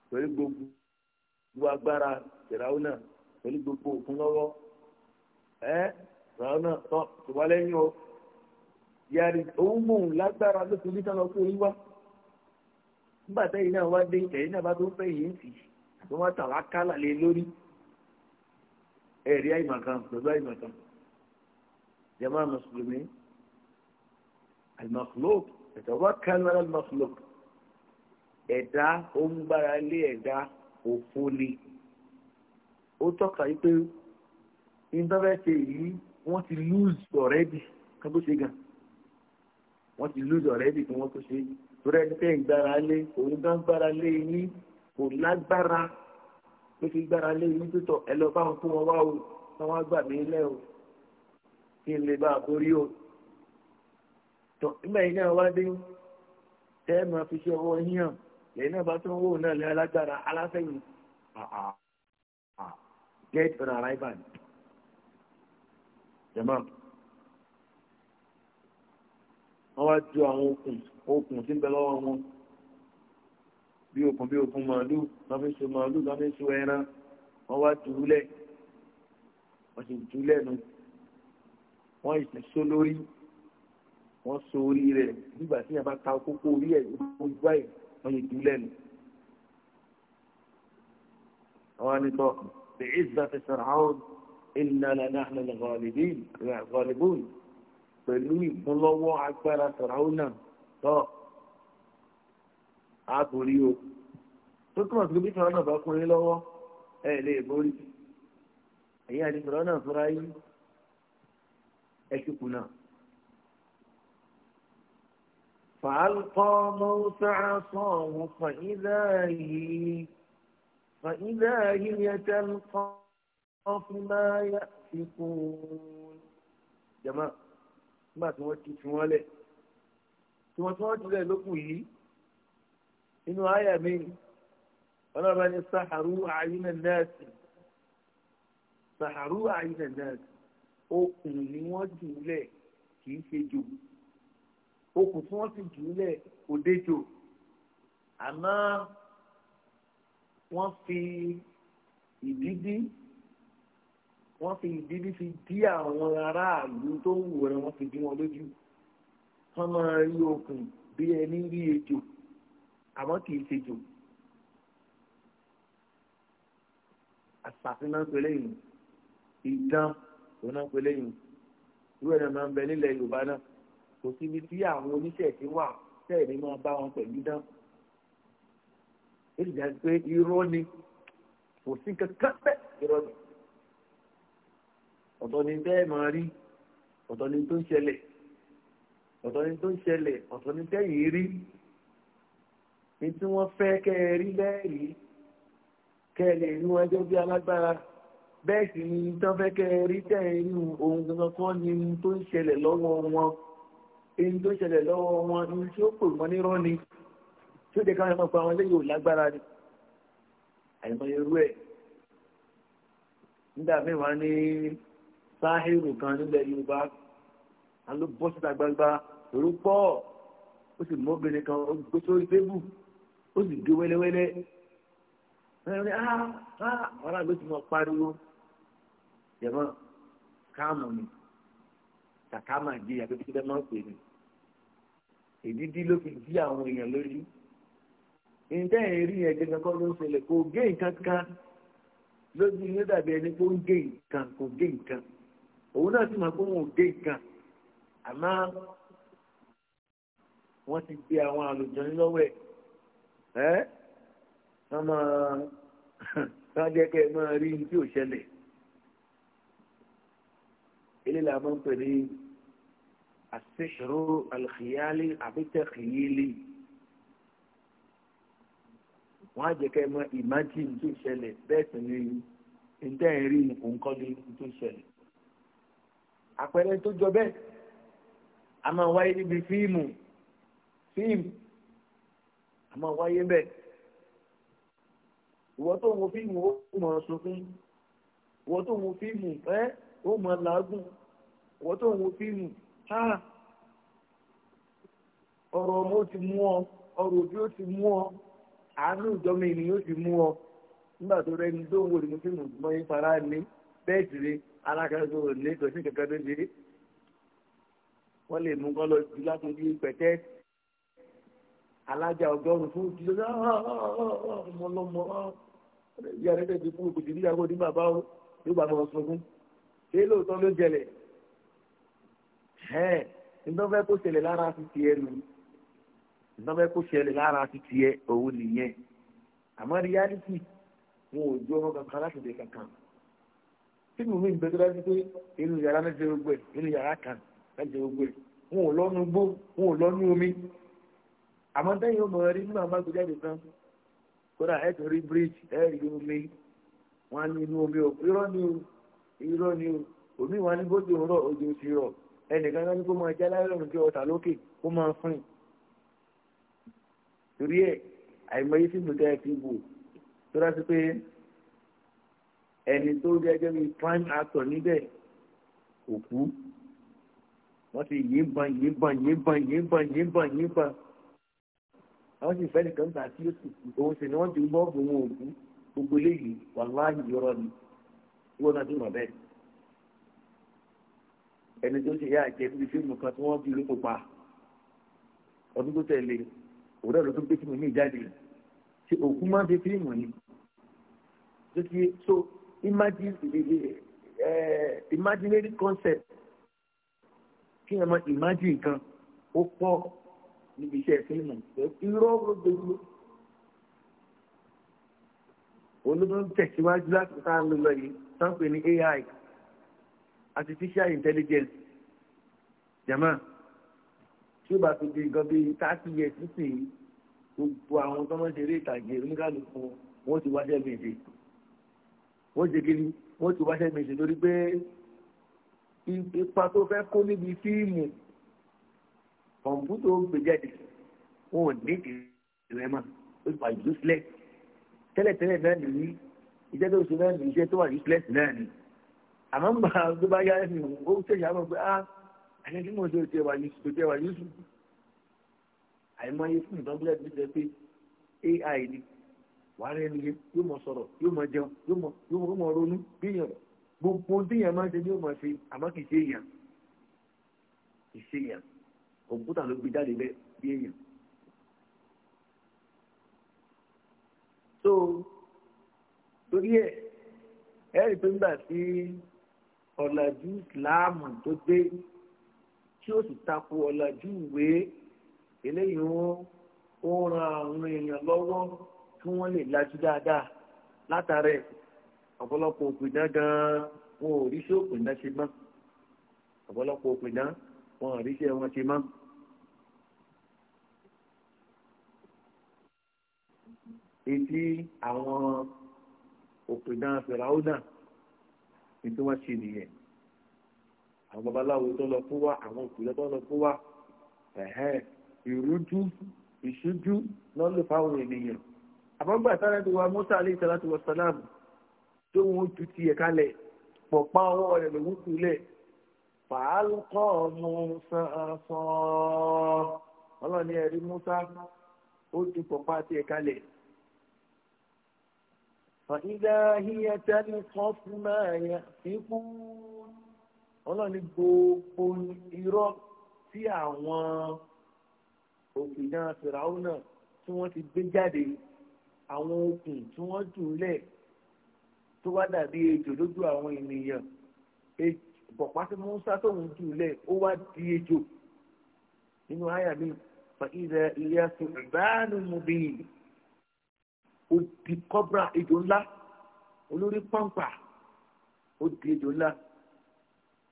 pẹ̀lú gbogbo agbára fìràwùn náà pẹ̀lú gbogbo òkun lọ́wọ́ ẹ́ fìràwùn o ló fi níta lọ fún yín wá nígbà náà wá dé náà bá tó yìí ń tà lé lórí ìtọ́wọ́kẹ́lú ẹlẹ́mọ̀fúlọ́k ẹ̀dá òǹgbára lé ẹ̀dá òfo ni ó tọ́ka yí pé ìńtọ́fẹ́sẹ̀ yìí wọ́n ti lose already kan tó ṣe gan wọ́n ti lose already kí wọ́n tó ṣe torí ẹni tẹ́ ìgbára lé òun gan gbára lé yín kò lágbára pé kí gbára lé yín tó tọ̀ ẹ lọ bá wọn wọn wá o wọn gbà mí lẹ́ o kí n lè bá a borí o tó nígbà yìí náà wá dé tẹ́ ẹ máa fi ṣe ọwọ́ yín hàn lẹ́yìn náà bá tún wò náà lẹ́yìn alágbára aláfẹ́yìn get on arrival jẹ̀mọ́ wọ́n wá ju àwọn okùn okùn tí ń bẹ lọ́wọ́ wọn bí okùn bí okùn màálù lọ́mí so màálù lọ́mí ẹran wọ́n wá jùúlẹ̀ wọ́n sì jùúlẹ̀ nu wọ́n sì lórí wọ́n so orí rẹ̀ nígbà tí yàrá ta kókó orí ẹ̀ ojú báyìí wọ́n yìí dúlẹ̀ nù. àwọn àníkọ́ bẹ̀rẹ̀ ìgbà tẹ̀sán àwọn ìlànà náà lọ gọ̀ọ̀lìbùn pẹ̀lú ìfúnlọ́wọ́ agbára sọ̀rọ̀ náà tọ́ àbòrí o tó túmọ̀ sí bí sọ̀rọ̀ náà bá kún yín lọ́wọ́ ẹ lè borí ẹ̀yìn àti sọ̀rọ̀ náà fúnra yín ẹ ti kùnà. فألقى موسى عصاه فإذا هي فإذا هي تلقى ما يأفكون جماعة ما توجد شوالي توجه لكم يي إنه آية مين أنا ni sàhàrú àyínà nẹ́ẹ̀sì sàhàrú àyínà nẹ́ẹ̀sì okùn ni wọ́n jùlẹ̀ kì í okùn tí wọ́n ti jù ú lẹ̀ òdejò àmọ́ wọ́n fi ìdídí wọ́n fi ìdídí fi dí àwọn aráàlú tó ń wò rẹ̀ wọ́n fi dí wọn lójú wọ́n máa rí okùn bí ẹni rí ejò àmọ́ kì í ṣejò àṣàfin náà pẹ̀lẹ́ yìí ìdán òun náà pẹ̀lẹ́ yìí irú ẹ̀ náà máa ń bẹ nílẹ̀ Yorùbá náà kò síbi tí àwọn oníṣẹ́ ti wà tẹ́ẹ̀rí máa bá wọn pẹ̀lú dán èdè dájú pé irọ́ ni kò sí kankan pẹ́ irọ́ ni ọ̀tọ̀ ni bẹ́ẹ̀ máa rí ọ̀tọ̀ ni tó ń ṣẹlẹ̀ ọ̀tọ̀ ni tó ń ṣẹlẹ̀ ọ̀tọ̀ ni tẹ́yìn rí ní tí wọ́n fẹ́ kẹ́ ẹ rí bẹ́ẹ̀ rí kẹ́ ẹ lè rí wọn jẹ́ bí alágbára bẹ́ẹ̀ sì ni tán fẹ́ kẹ́ ẹ rí tẹ́yìn rí ohun gangan kan ni tó ń ṣẹlẹ̀ lọ́wọ́ wọn. èyí tó ṣẹlẹ̀ lọ́wọ́ wọn ní tí ó pè wọ́n ní rọ́ni tí ó jẹ́ káwọn ẹ̀mọ́ pa wọn lẹ́yìn lágbára ni àìmọ̀ irú ẹ̀ nígbà ní sáhírù kan nílẹ̀ Yorùbá a ló bọ́ síta gbangba òru pọ̀ ó sì mú obìnrin kan ah pariwo káàmù ni máa ń pè ní. ìdídí ló fi dí àwọn èèyàn lójú nǹkan èrí yẹn gẹ́gẹ́ kọ́ ló ń ṣẹlẹ̀ kò gé nǹkan kan lójú ní dàbí ẹni pé ó ń gé nǹkan kò gé nǹkan òun náà sì máa pé òun ò gé nǹkan àmọ́ wọ́n ti gbé àwọn àlùjọ ní lọ́wọ́ ẹ̀ ẹ́ wọ́n máa wọ́n jẹ́ kẹ́ ẹ máa rí ní tí ò ṣẹlẹ̀ eléyìí la máa ń pè ní àṣìṣòro àlùkìyálé àbítẹ̀kìyílé wọ́n á jẹ́ kẹ́ mọ́ imagine tó ṣẹlẹ̀ bẹ́ẹ̀ sì ni ntẹ́ ń rí nǹkan ní tó ṣẹlẹ̀ àpẹẹrẹ tó jọ bẹ́ẹ̀ a máa wáyé níbi fíìmù fíìmù a máa wáyé bẹ́ẹ̀ ìwọ tó ń wo fíìmù ó mọ̀ ọ́ sunkún ìwọ tó ń wo fíìmù ẹ́ ó mọ̀ ọ́ làágùn ìwọ tó ń wo fíìmù Ah, ọ̀rọ̀ ọmọ ó ti mú ọ ọ̀rọ̀ òbí ó ti mú ọ àánú ìjọba ènìyàn ó ti mú ọ nígbà tó rẹ ní dóńgbò ní tí mo mọ yín fara ní bẹ́ẹ̀ sì rẹ alákàtúntò ní kò sí kankan tó ṣe é lè mú kọ́ lọ jù látún bí pẹ̀tẹ́ alájà ọgọ́rùn fún òjì lọ́dọ̀ ah, ah, ọmọ ọlọ́mọ ìyá rẹ̀ níyàwó ní bàbá ó yóò bá mọ̀ sọ fún ṣé lóòótọ́ ló jẹlẹ̀ ẹ̀hẹ́n ndọba kó ṣẹlẹ̀ lára ti tiẹ̀ nù lára ti ẹ òun nìyẹn àmọ́ reality wọn ò ju ọmọ kankan láti dé kankan tí gbẹdúrà sí pé inú kan náà ṣe gbogbo ẹ̀ wọn ò lọ́nu gbó wọn ò lọ́nu omi àmọ́ tẹ́yìn ọmọ rí nínú àwọn kan kódà tó rí bíríìjì o ni o ni o omi ní ẹnìkan kan ní kó máa jẹ́ aláìlọ́run tí ọ̀tà lókè kó máa fún un torí ẹ̀ àìmọye sí ìgbòtẹ́ ẹ̀ ti wò tó dájú pé ẹni tó gẹ́gẹ́ bí prime actor níbẹ̀ kò kú wọ́n ti yìnbọn yìnbọn yìnbọn yìnbọn yìnbọn yìnbọn àwọn sì fẹ́ nìkan gbà tí òun sì ni wọ́n ti bọ́ọ̀bù wọn òkú gbogbo eléyìí wàláhì yọrọ ni wọ́n náà ti mọ̀ bẹ́ẹ̀ ẹni tó ṣe yá àjẹ níbi fíìmù kan tí wọ́n bí ló pupa ọdún tó tẹ̀lé òwúrọ̀ ló tó gbé fíìmù míì jáde ṣe òkú máa ń fi fíìmù ni tó ti so eh, eh, eh, imaginary concept kí ẹ mọ imagine kan ó pọ̀ níbi iṣẹ́ fíìmù irọ́ gbogbo olóòtú tẹ̀síwájú láti sáà ń lọ yìí sáà ń pè ní AI artificial intelligence jama tí ó bá fi di nǹkan bíi thirty years nísìnyí gbogbo àwọn tó máa ń ṣeré ìtàgé oníkàlùkù wọn ti wáṣẹ́ méje wọ́n ṣe kiri wọ́n ti wáṣẹ́ méje lórí pé ipa tó fẹ́ kó níbi fíìmù kọ̀ǹpútà gbèjáde wọn ò ní ìrẹ́ mà ó ti wà useless tẹ́lẹ̀tẹ́lẹ̀ náà nìyí iṣẹ́ tó ṣe náà nìyí iṣẹ́ tó wà useless náà nìyí àmọ́ gbà tó bá yá ẹ̀sìn ó tẹ̀yà mọ̀ pé á ah, ẹni tí mo ṣe òtí ẹwà yìí kò tẹ̀wà yìí àìmọye fún ìdánwòlẹ̀ tó jẹ pé ai ni wàá rẹ nìyẹn yóò mọ sọ̀rọ̀ yóò mọ jẹun yóò mọ yóò mọ ronú bíyàn gbogbo bíyàn máa ń ṣe ni yóò mọ ṣe àmọ́ kì í ṣe èèyàn kì í ṣe èèyàn kọ̀ǹpútà ló gbé jáde bẹ́ẹ̀ bí èèyàn. so torí ẹ ẹ rí i pé nígbà tí ọ̀làjú ìsìláàmù tó dé tí ó sì tako ọ̀làjú ìwé eléyìí wọn ó ran àwọn èèyàn lọ́wọ́ kí wọ́n lè lajú dáadáa látàrẹ ọ̀pọ̀lọpọ̀ òpìdán gan-an wọn ò ríṣẹ́ òpìdán ṣe mọ́ ọ̀pọ̀lọpọ̀ òpìdán wọn ò ríṣẹ́ wọn ṣe mọ́. etí àwọn òpìdán fìràwọ́ náà ní tí wọ́n ṣe nìyẹn àwọn babaláwo tó lọ kó wá àwọn òkúlẹ̀ tó lọ kó wá ẹ̀hẹ́ ìrújú ìṣújú náà lè fáwọn ènìyàn àbọ̀gbà sáré tó wa Musa alẹ́ ìsàlá tó wọ sàlámù tó wọn ju ti ẹ̀ka lẹ̀ pọ̀pá ọwọ́ rẹ̀ lòún kulẹ̀ fàálùkọ́ Musa sọ ọlọ́ni ẹ̀rí Musa ó ju pọ̀pá ti ẹ̀ka lẹ̀ فإذا هي تلقف ما يأفكون ọlọ́run ní gbogbo irọ́ tí àwọn òpìdán fìràwọ́ náà tí wọ́n ti gbé jáde àwọn okùn tí wọ́n jùlẹ̀ tó wá dàbí ejò lójú àwọn ènìyàn bọ̀pá tí musa tóun jùlẹ̀ ó wá di ejò nínú àyà mi fa ìrẹ̀ ìyá sùn ìbánu mubin ó di kọ́bra ejò ńlá olórí pọ́ǹpà ó di ejò ńlá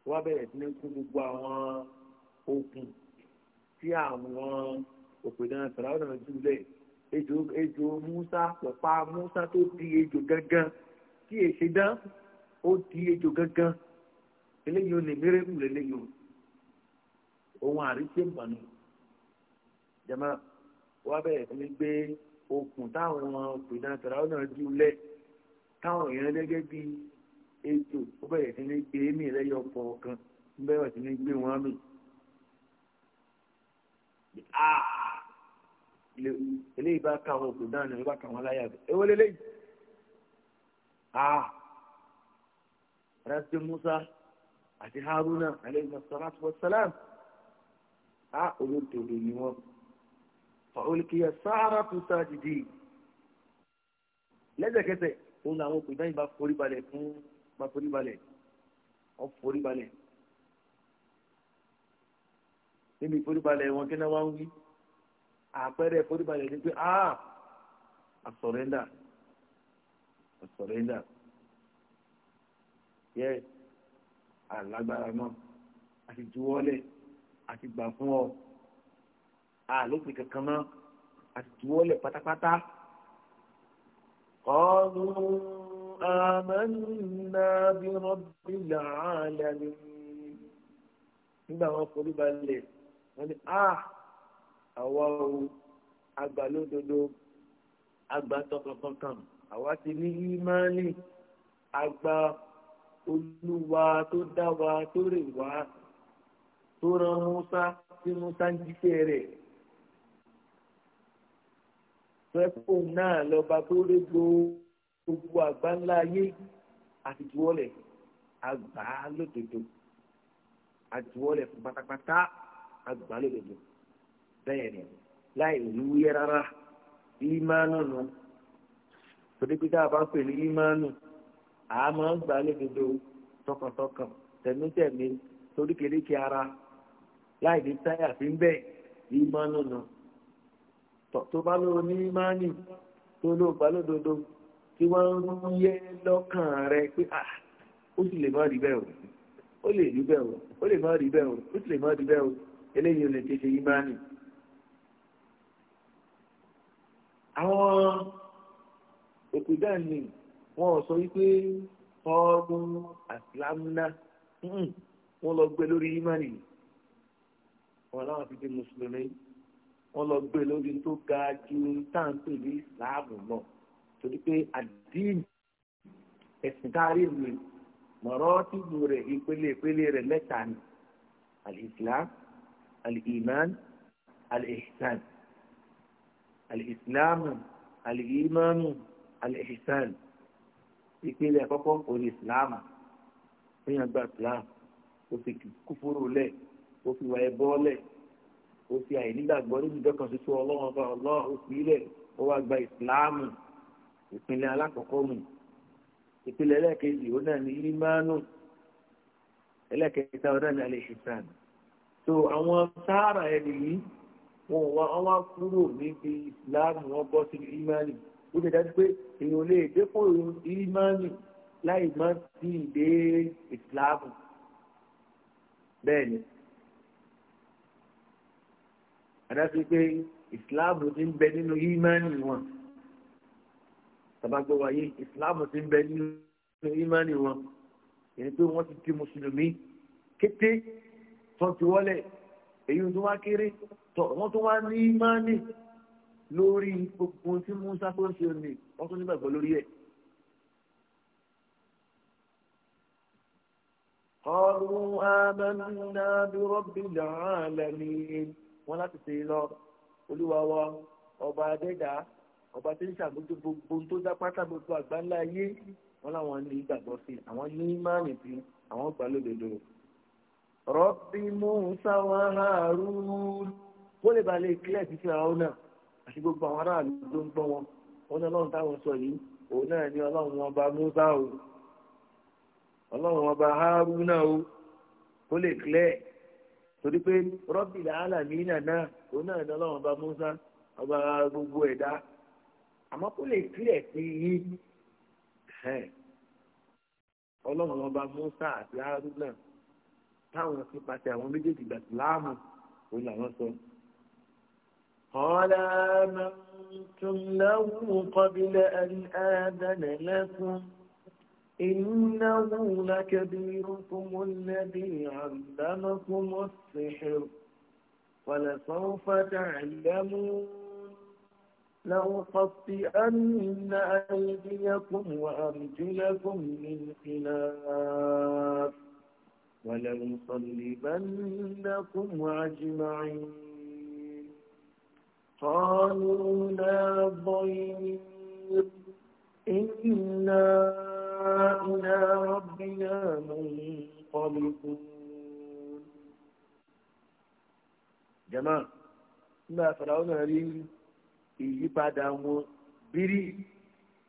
wọ́n bẹ̀rẹ̀ sí ní kú gbogbo àwọn okùn tí àwọn òpèdán sàràwọ̀n náà jùlẹ̀ ejò ejò musa pọ̀pá musa tó di ejò gangan tí èsì dán ó di ejò gangan eléyìí ò ní mérébù lélẹ́yìí o ohun àríṣe mọ̀nù jẹ́mọ́ wọ́n bẹ̀rẹ̀ sí ní gbé okùn táwọn ọmọ òpìdán tọ̀rọ̀ náà júlẹ̀ táwọn èèyàn gẹ́gẹ́ bí ètò ó bẹ̀rẹ̀ sí ní gbé mí lẹ́yọ kọ̀ọ̀kan ń bẹ̀rẹ̀ sí ní gbé wọn mì. Ah! eléyìí bá ka àwọn òpìdán náà bá ka wọn láyà bẹ́ẹ̀ ewé lélẹ́yìí. rẹ́sì ah! Musa àti Haruna alayhi wa salam. a ah! olóòtú ni wọ́n fàólìkìyà sáárà tó sáàdìdì lẹ́sẹ̀kẹsẹ̀ òun làwọn òpè náà bá forí balẹ̀ fún bá forí balẹ̀ wọ́n forí balẹ̀ níbi forí balẹ̀ wọn kí náà wá ń wí àpẹẹrẹ forí balẹ̀ ni pé ah a surrender a surrender yes alágbára náà àti juwọ́lẹ̀ àti gbà fún ọ àlópin kankan mọ́ àtìwọ́lẹ̀ pátápátá. قالوا آمنا برب العالمين nígbà wọn forí balẹ̀ wọ́n ní a àwa o àgbà lódodo àgbà tọkàntọkàn àwa ti ní ímánì àgbà olúwa tó dá wa tó rè wá tó rán Musa tí Musa ń jíṣẹ́ rẹ̀ pẹ́pọ̀ náà lọ́ba tó lé gbogbo ayé àtijọ́lẹ̀ àgbà lódodo àtijọ́lẹ̀ pátápátá àgbà lódodo bẹ́ẹ̀ ni láì rárá nù pè ní àmọ́ lódodo tọkàntọkàn tẹ̀mítẹ̀mí ara láì ní táyà fi ń bẹ́ẹ̀ tó bá ló ní mánì tó ló gbà lódodo tí wọ́n ń yẹ lọ́kàn rẹ pé ah ó sì lè má rí bẹ́ẹ̀ o ó lè rí bẹ́ẹ̀ o ó lè má rí bẹ́ẹ̀ o ó sì lè má rí bẹ́ẹ̀ o eléyìí ò lè ti ṣe ìmánì. àwọn òkúdánì wọn sọ wípé ọdún àsìlámúná wọn lọ gbé lórí ìmánì wọn láwọn fi di mùsùlùmí wọ́n lọ gbé lórí tó ga ju táǹpì ní ìsìláàmù lọ torí pé àdínì ẹ̀sìn kárí mi mọ̀rọ́ tìlú rẹ̀ ìpele ìpele rẹ̀ mẹ́ta ni alìsílám alìmán alìsàn alìsílámù alìmánù alìsàn ìpele àkọ́kọ́ orí ìsìláàmù fún yàgbà ìsìláàmù ó fi kúfúrú lẹ̀ ó fi wà ẹbọ lẹ̀ ó fi àìnígbàgbọ́ níbi ìjọkan ṣoṣo ọlọ́run ọba ọlọ́run ó fi ilẹ̀ ó wá gba ìsìláàmù ìpínlẹ̀ alákọ̀ọ́kọ́ mu ìpínlẹ̀ ẹlẹ́ẹ̀kejì ó náà ní ìrìmánú ẹlẹ́ẹ̀kẹta ó náà ní alẹ́ ìṣìṣàn so àwọn sáárà ẹni yìí wọn wá wọn wá kúrò níbi ìsìláàmù wọn bọ́ sí ìrìmánú ó ti dájú pé èèyàn lè dé fún ìrìmánú láì má sí ìdè ìsìláàmù bẹ́ẹ̀ ni àdásí pé ìsìláàmù ti ń bẹ nínú ìmánì wọn tàbágbọ́ wáyé ìsìláàmù ti ń bẹ nínú ìmánì wọn èyí pé wọ́n ti di mùsùlùmí kété tán ti wọlé èyí tó wá kéré wọ́n tó wá ní ìmánì lórí gbogbo tí musa tó ń ṣe ni wọ́n tún nígbàgbọ́ lórí ẹ̀. قالوا آمنا برب العالمين wọn láti ṣe lọ olúwa wa ọba adẹ́dá ọba tó ń ṣàmójú gbogbo tó dá pátá gbogbo àgbáńlá ayé wọn làwọn ní ìgbàgbọ́ sí i àwọn ní mánì sí i àwọn gbà lódodo. rọ́bì Mùsá wa Hárún wọ́n lè balẹ̀ ìpínlẹ̀ títí àwọn náà àti gbogbo àwọn aráàlú tó ń gbọ́ wọn wọn náà lọ́run táwọn sọ yìí òun náà ní ọlọ́run ọba Mùsá o ọlọ́run ọba Hárún náà o kó lè clear torí pé rọ́bìlì alamina náà òun náà ní ọlọ́run ọba musa ọba gbogbo ẹ̀dá àmọ́ kó lè kílẹ̀ sí i ọlọ́run ọba musa àti haruna táwọn ti pàṣẹ àwọn méjèèjì gbà síláàmù òun làwọn sọ. قال آمنتم له قبل أن آذن لكم إنه لكبيركم الذي علمكم السحر ولسوف تعلمون لو قطئن أيديكم وأرجلكم من خلاف ولو صلبنكم أجمعين قالوا لا ضير إنا إلى ربنا منقلبون جماعة ما فرعون rí ìyípadà wọn bírí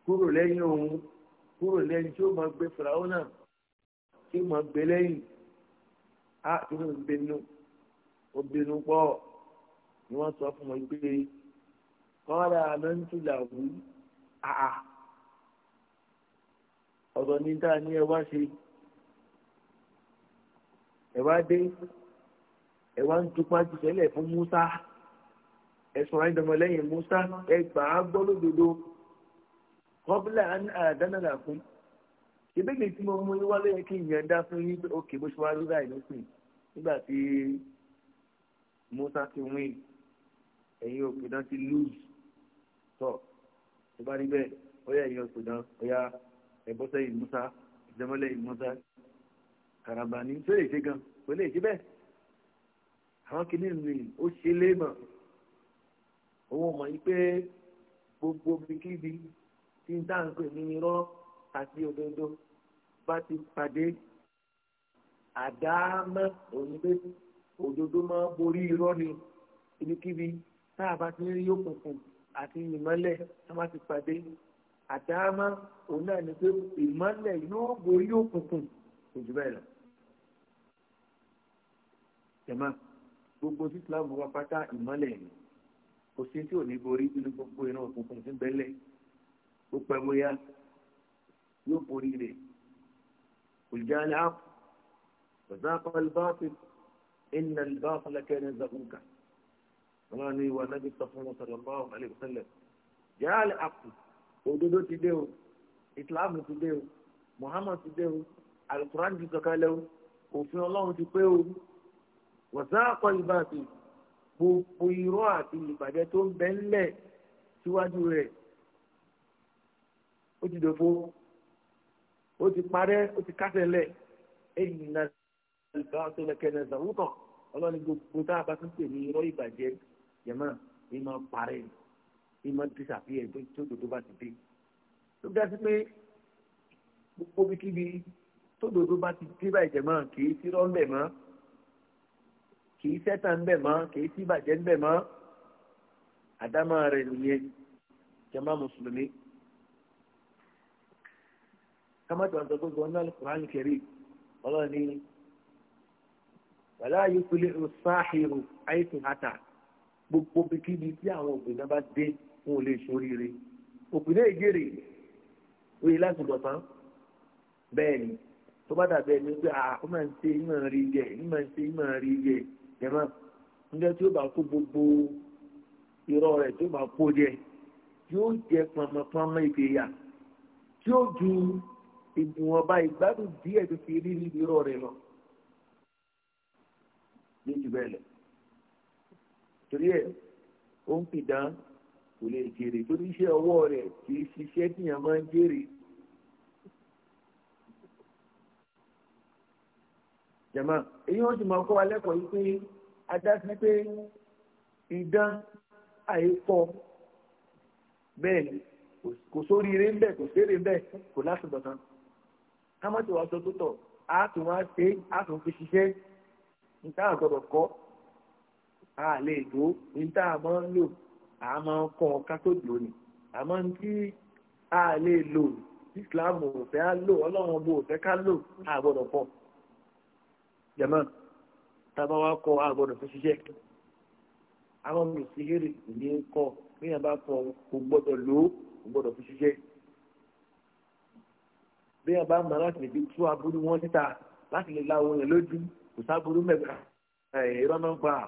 kúrò lẹ́yìn òun kúrò lẹ́yìn tí ó máa gbé fìràwọ́nà tí ó máa gbé lẹ́yìn á tí ó ń bínú ó bínú pọ̀ ni wọ́n sọ fún wọn pé kọ́ra àná ń tún làwù àà ọ̀rọ̀ ní dáa ní ẹwà ṣe ẹwà dé ẹwà ń dupá jù sẹ́lẹ̀ fún Musa ẹ̀sùn àìdọ̀mọ̀lẹ́yìn Musa ẹgbà á gbọ́ lódodo kọ́bílà àdánàlà fún ìbéèrè tí mo mú wá lóye kí ìyẹn dá fún yín pé òkè bó ṣe wá lóra ẹ̀ lópin nígbà tí Musa ti win ẹ̀yin òpìdán ti lose tọ́ tó bá rí bẹ́ẹ̀ ó yẹ ẹ̀yin òpìdán ó yá ẹ̀bọ́ sẹ́yìn musa ìjẹmọ́lẹ́yìn musa karabani tó lè ṣe gan kò lè ṣe bẹ́ẹ̀ àwọn kìnìún ni ó ṣe lé mọ̀ òun mọ̀ yìí pé gbogbo bíkíbi tí n dáhùn pé ní irọ́ àti òdodo bá ti pàdé àdámọ́ òun òdodo máa borí irọ́ ni ibikíbi tá a bá ti rí òkùnkùn àti ìmọ́lẹ̀ tá a bá ti pàdé àtàmà òun náà ni pé ìmọ́lẹ̀ yóò borí òkùnkùn jù bẹ́ẹ̀ lọ. jẹ̀mọ́ gbogbo tí islam wá pátá ìmọ́lẹ̀ ni kò sí tí ò ní borí nínú gbogbo iná òkùnkùn tí ń bẹ́lẹ̀ ó pẹ́ bóyá yóò borí rẹ̀ olùjáde áàpù ọ̀záàpù alibáàpù iná alibáàpù lẹ́kẹ́rin zakunka. wọn ni ìwà náà ti sọ fún ti bele o pe boya yoo sọ̀rọ̀ báwọn alẹ́ òdodo ti dé o islam ti dé o muhammad ti dé o alukuran ti sọ̀kalẹ̀ o òfin ọlọ́run ti pé o wọ̀sáàkọ ìbáàbí gbogbo irọ́ àti ìbàjẹ́ tó ń bẹ ńlẹ̀ síwájú rẹ̀ ó ti dòfo ó ti parẹ́ ó ti kásẹ̀ lẹ̀ ẹ̀yìn náà ìgbà tó lẹ kẹ́nẹ̀ ṣàwùtàn ọlọ́ni gbogbo tá a bá tún pè ní irọ́ ìbàjẹ́ jẹ̀mọ́ ni máa parẹ́ ni ìmọ̀ ti ṣàfihàn pé tí òdòdó bá ti dé ló dá sí pé gbogbo bíkíbi tó òdòdó bá ti dé báyìí jẹ̀ mọ́ kì í sírọ́ ń bẹ̀ mọ́ kì í sẹ́tàn ń bẹ̀ mọ́ kì í sí ìbàjẹ́ ń bẹ̀ mọ́ àdámọ́ rẹ̀ nìyẹn jàmá mùsùlùmí kamata wàá sọgbọn gbọn náà kùránì kẹrì ọlọ́ọ̀ni wàlá yìí kulẹ̀ ọ̀sáhìrù àìsàn àtà gbogbo bíkíbi tí àwọn òbí náà bá dé wọn ò lè ṣoríire òpìlẹ̀ ìjèrè òye láti dọ̀tán bẹ́ẹ̀ ni tó bá dàbẹ́ ẹni pé à ó máa ń ṣe ìmọ̀ rí jẹ ìmọ̀ ń ṣe ìmọ̀ rí jẹ jẹ̀mọ́ níjẹ́ tí ó bá kó gbogbo irọ́ rẹ̀ tí ó bá kó jẹ yóò jẹ pọnmọpọnmọ ìpè yà tí ó ju ìgbìmọ̀ba ìgbádùn díẹ̀ tó fi rí níbi irọ́ rẹ̀ lọ ní jù bẹ́ẹ̀ lọ torí ẹ̀ ó ń pìdán kò lè jèrè torí iṣẹ́ ọwọ́ rẹ̀ kì í ṣiṣẹ́ tíyàn máa ń jèrè. jàmá èyí wọ́n ti máa kọ́ wa lẹ́kọ̀ọ́ yìí pé adásí pé idán àìkọ bẹ́ẹ̀ ni kò sórí eré ń bẹ kò séré ń bẹ kò lásìbọ̀tán ká má ti wá sọ tó tọ̀ á tún wá ṣe á tún fi ṣiṣẹ́ níta àgbọ̀dọ̀ kọ́ a lè tó níta àmọ́ ń lò a máa ń kọ́ kátólì lónìí àmọ́ tí a lè lò islam ò fẹ́ á lò ọlọ́run ọgbọ́n ò fẹ́ ká lò a gbọ́dọ̀ pọ̀ jẹ̀mọ́ tábà wá kọ́ a gbọ́dọ̀ fi ṣiṣẹ́ àwọn mùsùlùmí ní kọ́ níyàn bá kọ́ kò gbọ́dọ̀ lò ó kò gbọ́dọ̀ fi ṣiṣẹ́ bíyàn bá mọ láti lè fi tú aburú wọn síta láti lè la ohun yẹn lójú kò sáburú mẹ́ta ẹ̀ ìrọ́nà gbà á.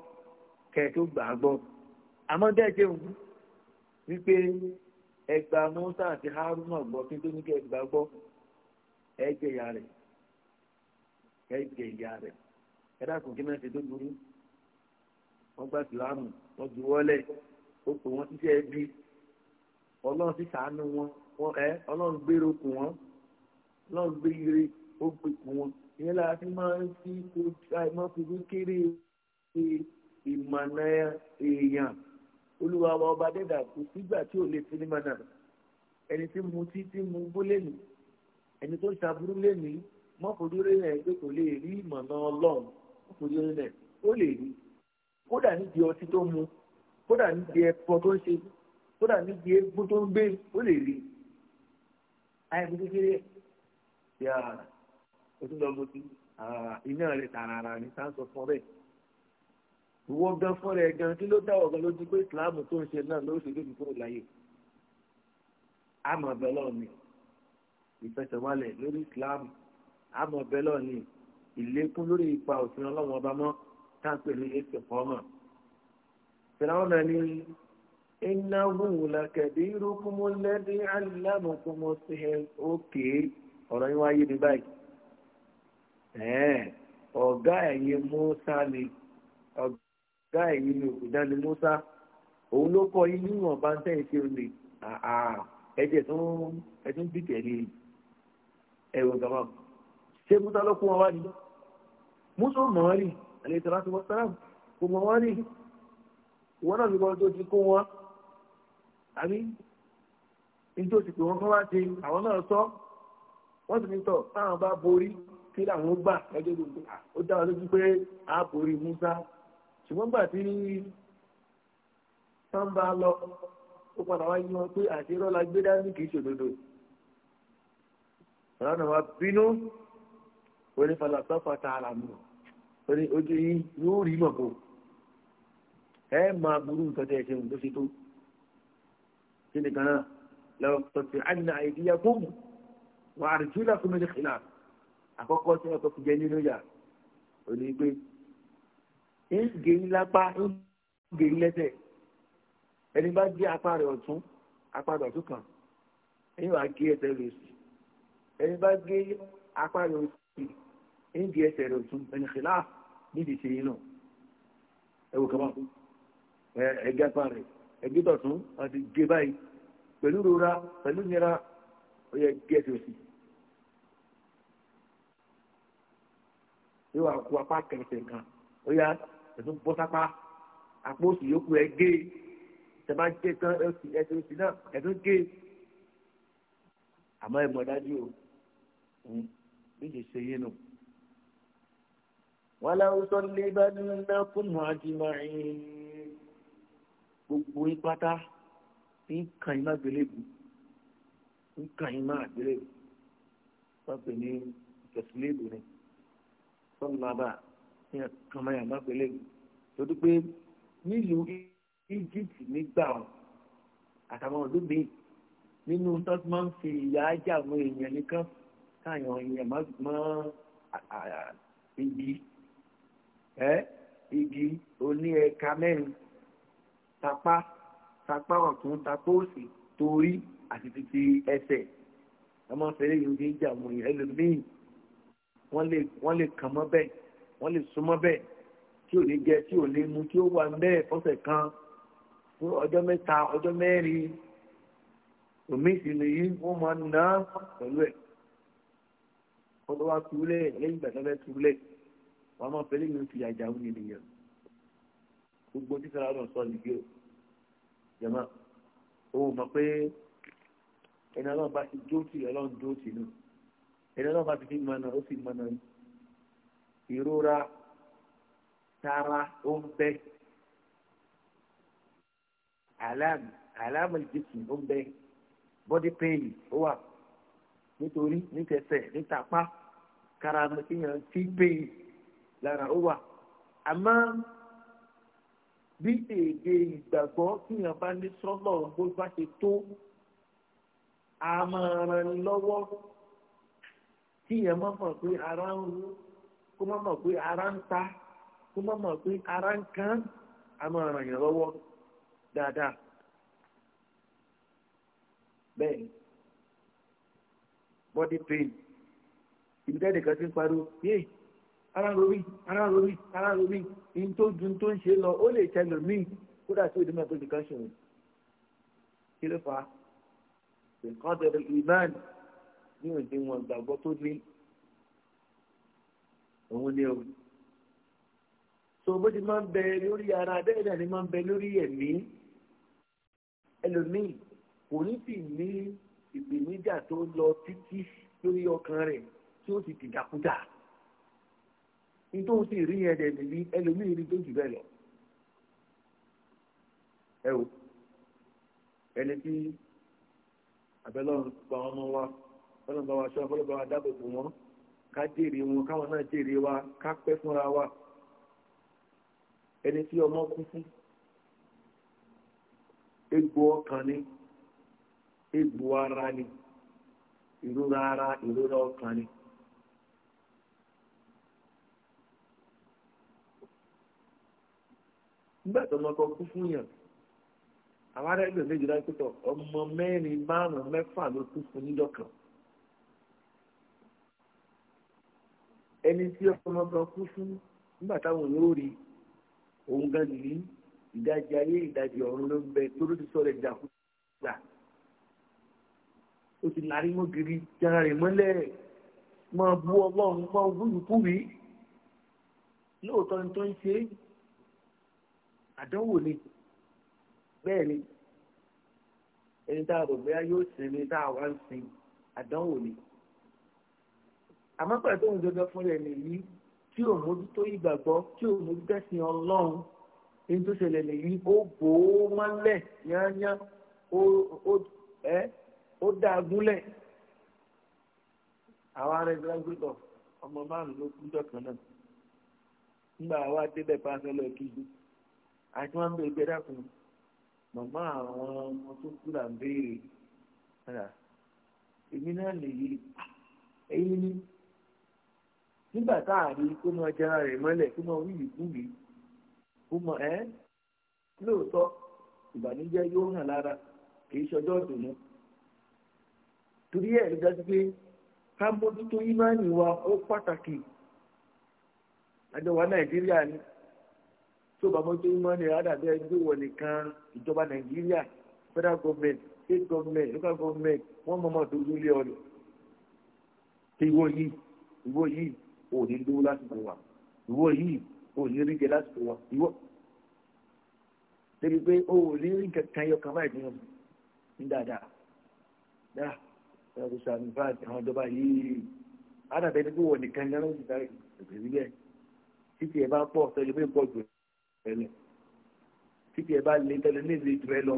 kẹ tó gbà á gbọ́ àmọ́ dẹ́jẹ́ ń wípé ẹgbà mọ́tà àti haruna gbọ́ kí tó ní kí ẹgbà gbọ́ ẹgbẹ́ ìyá rẹ̀ ẹgbẹ́ ìyá rẹ̀ ẹ̀dá kò kí náà ṣe tó burú wọ́n gba ìsìlámù wọ́n ju wọ́lẹ̀ ó pè wọ́n títí ẹbí ọlọ́run sì sàánú wọn wọn ẹ ọlọ́run gbèrò kù wọ́n ọlọ́run gbé ó gbé kù wọ́n ìyẹn láti máa ń fi kó máa fi kéré ṣe ìmọ̀nà èèyàn olúwa wa ọba dẹ́dà kò sígbà tí ò lè fi ní mọ̀nà ẹni tí mu tí tí mu bó lẹ́nu ẹni tó ṣàbúrú lẹ́nu mọ́kòdú rẹ̀ rẹ̀ pé kò lè rí ìmọ̀nà ọlọ́run mọ́kòdú rẹ̀ rẹ̀ ó lè rí kódà níbi ọtí tó mu kódà níbi ẹ̀fọ́ tó ń ṣe kódà níbi egbó tó ń gbé ó lè rí àìsí kékeré yàrá o tún lọ mutí iná rẹ̀ tààrà ní sáńsọ̀ fún ọ ìwọ gan fúnra ẹ gan kí ló dáwọ gan lójú pé ìsìláàmù tó ń ṣe náà ló ṣe débi kúrò láyé àmọ́ ọbẹ lọọni ìfẹsẹ̀wálẹ̀ lórí ìsìláàmù àmọ́ ọbẹ lọọni ìlékún lórí ipa òfin Ọlọ́run ọba mọ táǹpẹ ní èsì fọmọ. fìlàwọn náà iná wùwùlà kẹbí irúkúmú lẹbí alámùkúmú sí ẹ òkè ọ̀rọ̀ yín wáyé ní báyìí. ọ̀gá ẹ̀yin mú sáà ni ọ̀gá gáà yìí ni òkúta ni Musa òun ló kọ inú ìwọ̀nba ń tẹ̀yìn sí omi ẹ̀jẹ̀ tó ń bí tẹ̀lé ẹ̀rọ gàmà ṣé Musa ló kó wọn wá ní Musa mọ̀ wọ́n rí àlẹ́ ìtàn láti wọ́n sára kó mọ̀ wọ́n rí ìwọ́n náà lùkọ́ tó ti kó wọn àbí nítorí òsì pé wọ́n kọ́ wá ṣe àwọn náà sọ wọ́n sì ní tọ̀ táwọn bá borí kí làwọn gbà lọ́jọ́ gbogbo ó dá wọn lójú pé a borí Musa ṣùgbọ́n gbà tí tán bá lọ ó padà wá yí wọn pé àṣírọ́ la gbé dání kì í ṣòdodo ọ̀lànà wa bínú orí falasọ́fà tá a rà mọ̀ orí ojú yín yóò rí mọ̀ kó ẹ máa burú nǹkan tẹ́ ẹ ṣe nǹkan ṣe tó kí ni kan náà lọ tọ̀tì àdínà àìdíyà fún wàá rí júlá fún mi ní xìlá àkọ́kọ́ tí wọ́n tó fi jẹ nínú yà ó ní pé ń gé yín lápá ń gé yín lẹ́sẹ̀ ẹni bá gé apá rẹ̀ ọ̀tún apá rẹ̀ ọ̀tún kan ẹni wàá gé ẹsẹ̀ rẹ̀ sí ẹni bá gé apá rẹ̀ òsì ń gé ẹsẹ̀ rẹ̀ ọ̀tún ẹni xìlá níbi ìṣe yín náà ẹ wò kama ẹ ẹgẹ apá rẹ̀ ẹgbẹ tọ̀tún àti gé báyìí pẹ̀lú rora pẹ̀lú nira ó yẹ gé ẹsẹ̀ òsì. yóò wá apá kẹsẹ̀ kan ó yá ẹ̀tún bọ́ sápá àpò òsì yòókù ẹ̀ gé tẹ bá jẹ́ tán ẹ̀sìn òsì náà ẹ̀tún gé àmọ́ ẹ̀ mọ̀ dájú o níṣẹ́ ṣe yé nù. wọ́n láwọn sọ lé bá nínú náà fún mọ́ àjùmọ̀rin gbogbo ipátá tí ń má gbélébù ń kàn má gbélébù wọ́n pè ní ìfẹ̀sílẹ̀ ni sọ́nù máa bá yẹn kàn máa yàn má pẹ̀lẹ́ mi torí pé nílùú Egypt nígbà wọn àtàwọn ọdún bíi nínú tó ti máa ń fi ìyà ajá àwọn èèyàn nìkan káàyàn èèyàn má mọ igi ẹ igi oní ẹ̀ka mẹ́rin tapá tapá ọ̀tún tapá òsì torí àti títí ẹsẹ̀ ọmọ fẹrẹ yìí ń gbé ìjà àwọn èèyàn ẹlòmíì wọ́n lè kàn mọ́ bẹ́ẹ̀ wọ́n lè súnmọ́ bẹ́ẹ̀ tí ò ní jẹ tí ò ní mu tí ó wà bẹ́ẹ̀ fọ́sẹ̀ kan fún ọjọ́ mẹ́ta ọjọ́ mẹ́rin òmí ìsinmi yìí wọ́n máa ná pẹ̀lú ẹ̀ wọ́n tó wá túlẹ̀ lẹ́yìn ìgbà tó fẹ́ túlẹ̀ wọ́n máa fẹ́ lẹ́yìn oṣù àjà òun ènìyàn gbogbo tí sara náà sọ nìyí o jẹ̀mọ́ òun mọ̀ pé ẹni ọlọ́run bá ti dóòtì ọlọ́run dóòtì náà ẹni ọlọ́run bá ti fi mọ̀ náà ó sì mọ̀ náà yìí ìrora tara ó ń bẹ alam alam ó ń bẹ body pain ó wà nítorí nítẹsẹ̀ nítapá kára kéèyàn ti pain lára ó wà àmọ́ bí èdè ìgbàgbọ́ kéèyàn bá ní sọ́lọ̀ bó bá ṣe tó a máa ni lọ́wọ́ kéèyàn má mọ̀ pé ara ń wú kó má mọ̀ pé ara ń ta kó má mọ̀ pé ara ń kán a máa ràn yàn lọ́wọ́ dáadáa bẹ́ẹ̀ body pain ìbítẹ́ nìkan ti ń pariwo yéè ara ń rorí ara ń rorí ara ń rorí ní tó ju tó ń ṣe lọ ó lè tẹlẹ míì kódà tí òdìmọ̀ tó nìkan ṣòro kí ló fà á nǹkan tẹ̀lé ní òde wọn gbàgbọ́ tó ní òun ni o so bó ti máa ń bẹ lórí ara bẹ́ẹ̀ ni máa ń bẹ lórí ẹ̀mí ẹlòmíì kò ní sì ní ìpèníjà tó lọ títí lórí ọkàn rẹ̀ tí ó sì dìdàkudà nítorí sì rí ẹ̀dẹ̀ nìyí ẹlòmíì rí tó jù bẹ́ẹ̀ lọ ẹ o ẹni tí abẹ́lọ́run gba ọmọ wa ọlọ́run bá wa ṣọ́ ọlọ́run bá wa dáàbò bò ká jèrè wọn káwọn náà jèrè wa ká pẹ́ fúnra wa ẹni tí ọmọ kú fún egbò ọkàn ni egbò ara ni ìrora ara ìrora ọkàn ni. nígbà tó ọmọ kan fún yàn ọmọ mẹ́rin márùn-ún ló fún kan. ẹni tí ọmọ kan kú fún nígbà táwọn yóò rí òun gan nìyí ìdajì ayé ìdajì ọ̀run ló ń bẹ tó ló ti sọ̀rọ̀ ìjà kú gbà ó ti lárí mọ́ gírí jára rẹ̀ mọ́lẹ̀ máa bú ọlọ́run máa bú ìkúwì lóòótọ́ ni tó ń ṣe àdánwò ni bẹ́ẹ̀ ni ẹni tá a rò bẹ́ẹ̀ yóò sinmi tá a wá ń sin àdánwò ni àmọ́ pẹ̀lú tó ń dandan fún rẹ̀ nìyí tí ò mójútó ìgbàgbọ́ tí ò mójútó ẹ̀sìn ọlọ́run èyí tó ṣẹlẹ̀ nìyí ó bò ó mọ́lẹ̀ yányán ó dáa gúnlẹ̀ àwọn ará ẹgbẹ́ gbẹ́tọ̀ ọmọ márùn ló kú jọ̀kan náà nígbà wa débẹ̀ pàṣẹ lọ kíjú àti wọn bẹ gbẹ dákun màmá àwọn ọmọ tó kú là ń béèrè èmi náà nìyí èyí ni nígbà tá a rí kó mọ jẹra rẹ̀ mọ́lẹ̀ kó mọ wíwì kúwì kó mọ ẹ́ lóòótọ́ ìbànújẹ́ yóò hàn lára kì í ṣọjọ́ ìdùnnú torí ẹ̀ ló dájú pé ká mójútó ìmánì wa ó pàtàkì àjọwà nàìjíríà ni tó bá mójútó ìmánì rẹ̀ àdàbí ẹgbẹ́ wọ̀ nìkan ìjọba nàìjíríà federal government state government local government wọ́n mọ̀ mọ́ tó lulẹ̀ ọ̀lẹ̀ ìwọ yìí ìwọ yìí ò ní lówó lásìkò wa ìwọ yìí ò ní rí jẹ lásìkò wa ìwọ débi pé ó ò ní rí kankan yọ kan báyìí nínú ní dáadáa dáa ẹ kò sàmì báyìí àwọn ìjọba yìí ádàbẹ ní kó wọ nìkan ní ọlọ́run ti dárí ìbẹ̀rù bẹ́ẹ̀ títí ẹ bá pọ̀ tẹ́lẹ̀ bí pọ̀ jù ẹ lọ títí ẹ bá lé tẹ́lẹ̀ ní ìlú ìtura ẹ lọ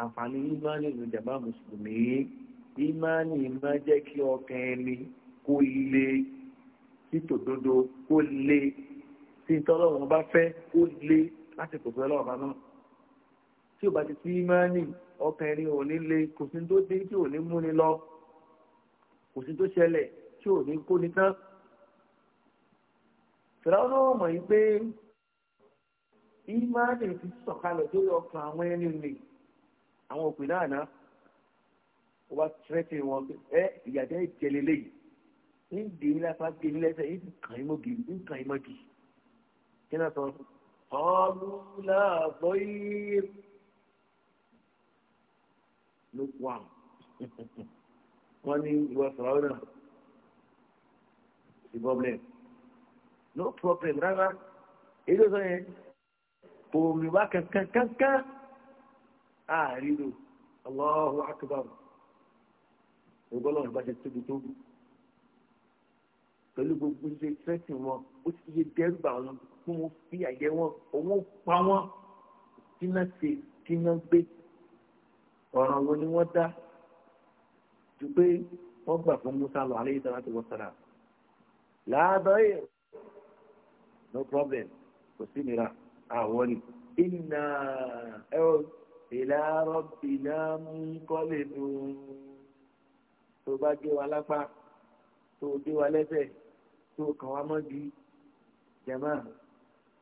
àǹfààní ìmánì ìlú jàmbá mùsùlùmí ìmánì máa jẹ́ kí ọkàn ẹni kó ilé títòdodo ó le tí tọ́lọ́wọ́n bá fẹ́ ó le láti kò fẹ́ lọ́wọ́ bá náà tí ò bá ti sí mẹ́rin ọkàn ẹni ò ní le kò sí tó dé tí ò ní múni lọ kò sí tó ṣẹlẹ̀ tí ò ní kó ní tán fìràwọ́n náà mọ̀ yí pé ìmánì ti sọ̀kalẹ̀ tó yọ ọkàn àwọn ẹni nì àwọn òpin náà náà ó bá tẹ́tì wọn ẹ ìyàjẹ́ ìjẹlélẹ́yìí ń dè é lápá gbé ní lẹ́sẹ̀ yìí nǹkan ìmọ̀gì nǹkan ìmọ̀gì kí náà sọ ọlú làbọ̀ yìí ló wà wọ́n ní ìwà sọ̀rọ̀ náà sí problem no problem rárá èdè sọ yẹn kò mi wá kankan kankan àárín lò Allahu akbar ògbọ́n lọ́rùn bá tóbi tóbi pẹ̀lú gbogbo ṣe tẹ́sí wọn ó ti yẹ dẹ́rùbà wọn fún wọn fi àyẹ wọn owó pa wọn kí ṣe kí gbé ọ̀ràn wo ni wọ́n dá ju pé wọ́n gbà fún Musa lọ àlẹ́ ìtàn láti wọ́n sára láàbọ̀ yìí no problem kò sí nira àwọn ni iná ẹ̀rọ ìlàrọ̀ bìnnà mú kọ́lé nù tó bá gé wa lápá tó dé wa lẹ́sẹ̀ tó kàn wá mọ́gi jẹ̀mọ́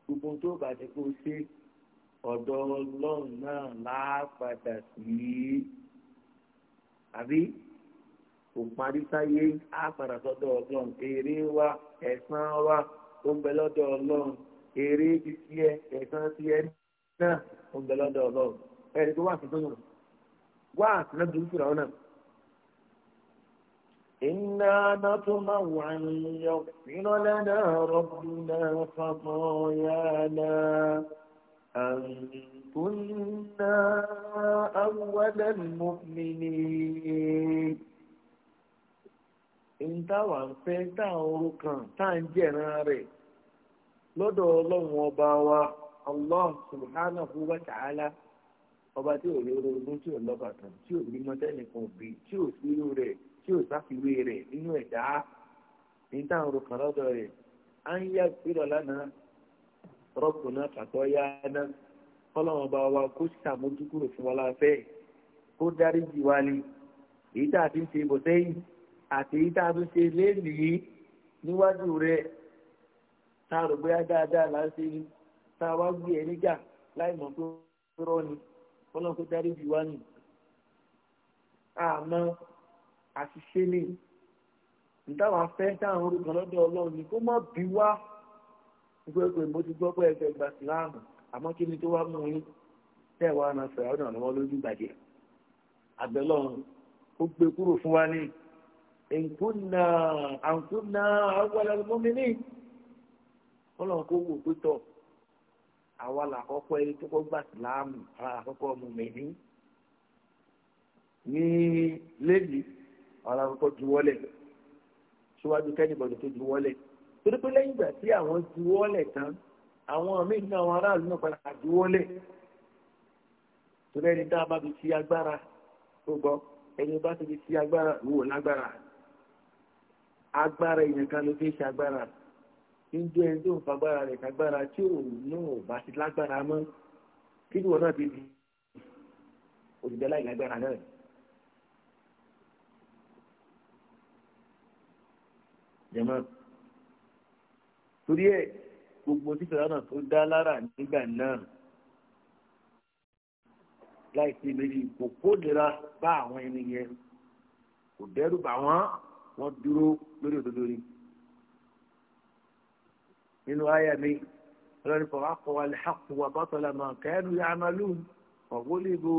gbogbo tó bá ti kó ṣe ọ̀dọ̀ ọlọ́run náà láàpadà sí àbí kò parí sáyé á padà sọ́dọ̀ ọlọ́run èrè wa ẹ̀san wa ó ń bẹ lọ́dọ̀ ọlọ́run èrè ti tiẹ̀ ẹ̀san tiẹ̀ náà ó ń bẹ lọ́dọ̀ ọlọ́run ẹ̀rí tó wà sí tó yàn wá àtúnṣe fúra ọ náà. إنا نطمع أن يغفر لنا ربنا خطايانا أن كنا أول المؤمنين ń táwa ń fẹ́ tá òru kan tá à ń jẹ̀ran rẹ̀ lọ́dọ̀ ọlọ́run ọba wa allah subhanahu wa ta'ala ọba tí ò lè ogun tí ò lọ́bàtàn tí ò bímọ tẹ́nìkan bí tí tí ò sáfiwé rẹ̀ nínú ẹ̀dá ní táwọn orúkọ lọ́dọ̀ rẹ̀ á ń yá gbérò lánàá rọ́pò náà kàtọ́ yá ná kọ́lọ́wọ́n bá wa kó sàmójúkúrò fún wa láfẹ́ kó dárí jì wá ní èyí tá a ti ń ṣe bọ̀ sẹ́yìn àti èyí tá a tún ṣe léèlì níwájú rẹ̀ tá a rò bóyá dáadáa là ṣe tá a wá gbé ẹ e níjà láì mọ̀ pé rọ́ ni kọ́lọ́wọ́n kó dárí jì wá ní àmọ́ a ni ìdáwà fẹ́ dáhùn orúkọ lọ́dọ̀ ọlọ́run ni kó má bí wá nígbà pé ti gbọ́ pé ẹgbẹ́ síláàmù àmọ́ kí ni tó wá mú yín tẹ́ ẹ̀ wá na fẹ̀rẹ̀ ọ̀nà lọ́wọ́ lójú gbàjẹ́ ó gbé kúrò fún wa ní àwọn ọlọ́run kó wò pé tọ̀ àwa làkọ́kọ́ ẹni tó kọ́ gba síláàmù àwa ọmọ mẹ́rin àwọn akọ́kọ́ juwọ́lẹ̀ síwájú kẹ́nìbọ̀dì tó juwọ́lẹ̀ torí pé lẹ́yìn ìgbà tí àwọn juwọ́lẹ̀ tán àwọn míì ní àwọn aráàlú náà padà juwọ́lẹ̀ torí ẹni tá a bá fi ti agbára tó gbọ́ ẹni bá ti fi ti agbára wò lágbára agbára èèyàn kan ló fi ṣe agbára níjọ ẹni tó ń fagbára rẹ̀ kagbára tí òun náà bá ti lágbára mọ́ kí ni wọn náà ti di òṣìṣẹ́ láì lágbára náà jẹmọ torí ẹ gbogbo títà lánàá tó dá lára nígbà náà láì sí méjì kò kódìra bá àwọn ẹni yẹn kò dẹ́rù bà wọ́n wọ́n dúró lórí òdodo ni nínú àyà mi lórí fọwọ́ kọ́ wa lẹ́hàkú wa bọ́tọ̀lá máa kẹ́rù yà máa lù ọ̀gbọ́lẹ́gbò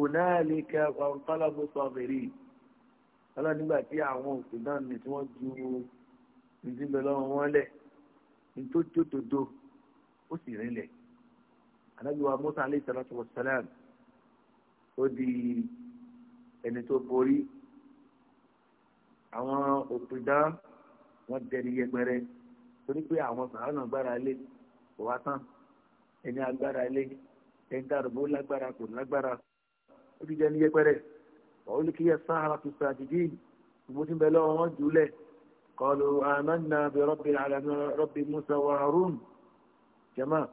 onáàlẹ́kẹ́ ọ̀tọ́lábọ̀ sọ̀bẹ̀rì ọlọ́run nígbà tí àwọn òkú náà ní tí wọ́n ju nítorí bẹ́ẹ̀ lọ́wọ́ wọn lẹ̀ nítorí tó dodo ó sì rinlẹ̀ anábìwá Musa aleyhi salatu wa salam ó di ẹni tó borí àwọn òpìdá wọn dẹni yẹpẹrẹ torí pé àwọn sàánà gbára lé kò wá tán ẹni agbára lé ẹni dàrúbó lágbára kò lágbára ó ti dẹni yẹpẹrẹ ọ̀hún kí yẹ sáhara tó sàdídì ìmúdínbẹ́lẹ́ wọn jùlẹ̀. قالوا آمنا برب العالمين رب موسى وهارون جماعة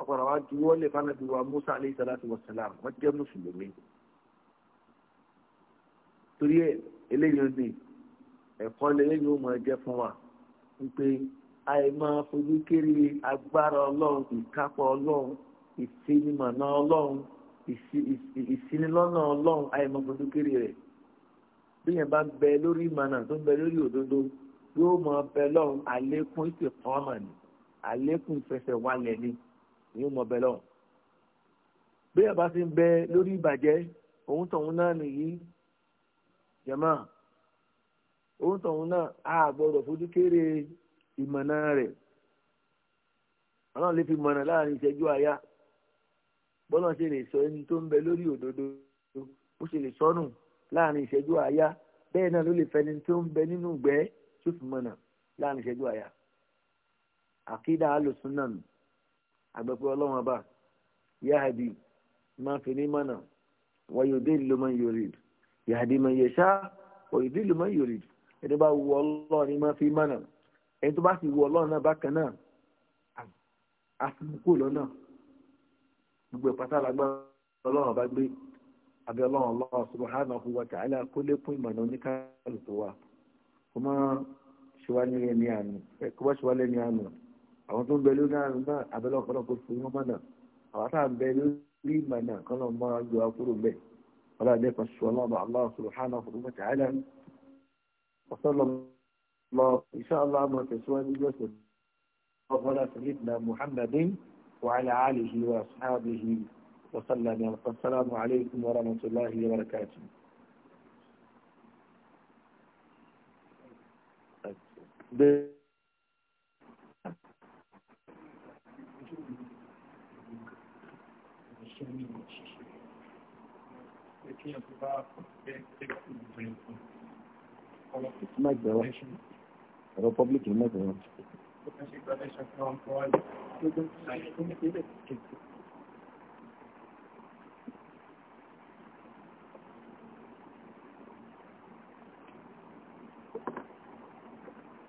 ọ̀pọ̀lọpọ̀ juwọ́ lè fana bí wa musa aleyhi salatu wa salam wọ́n jẹ́ mùsùlùmí torí ẹ eléyìí ni ẹ̀kọ́ lẹ́yìn ó máa jẹ́ fún wa wípé àì máa fojú kéré agbára ọlọ́run ìkápọ̀ ọlọ́run ìsinimọ̀nà ọlọ́run ìsinilọ́nà ọlọ́run àì máa fojú kéré rẹ̀ bí yẹn bá ń bẹ lórí ìmọ̀nà tó ń bẹ lórí òdodo yóò mọ bẹ lọ́hùn àlékún ìsèkọ́mọ̀ ni àlékún ìfẹsẹ̀wálẹ̀ ni yóò mọ bẹ lọ́hùn. bí yẹn bá ti ń bẹ lórí ìbàjẹ́ òun tọ̀hún náà nìyí jẹ̀mọ́ òun tọ̀hún náà a gbọ́dọ̀ fojú kéré ìmọ̀nà rẹ̀ ọlọ́run lè fi mọ̀nà láàrin ìṣẹ́jú àyà bọ́lá ṣe lè sọ ẹni tó ń bẹ lórí òdodo ó ṣe lè sọ́nù. So láàrin ìṣẹ́jú aya bẹ́ẹ̀ náà ló lè fẹni tó ń bẹ nínú ìgbẹ́ tó fi mọ̀nà láàrin ìṣẹ́jú àáyá. àkídà alùsùn náà àgbẹ̀pẹ̀ ọlọ́run ọba yahadi máa fi ní mọ̀nà wa yudillu man yahadi man yasha wa yudillu man yurid ẹni bá wù ọlọ́run ni máa fi mọ̀nà ẹni tó bá sì wù ọlọ́run náà bákan náà àfikún lọ́nà gbogbo ìpàtàlágbá abẹ́lọ́run Allah subhanahu wa ta'ala kó lékún ìmọ̀nà oníkàlùkù wa kó má ṣíwálé ẹni àná kó má ṣíwálé ẹni àná àwọn tó ń bẹ lórí àrùn náà abẹ́lọ́run kọ́nà kó fún wọn mọ́nà àwọn tá à ń bẹ lórí ìmọ̀nà kọ́nà mọ́ ayọ̀ akúrò bẹ́ẹ̀ wọ́n lè kọ́ ṣọ́ lọ́wọ́ Allah subhanahu wa ta'ala وصلى الله إن شاء الله ما تسوان يوسف وعلى وعلى آله وأصحابه وسلم والسلام عليكم ورحمة الله وبركاته The المجد ريبوبليك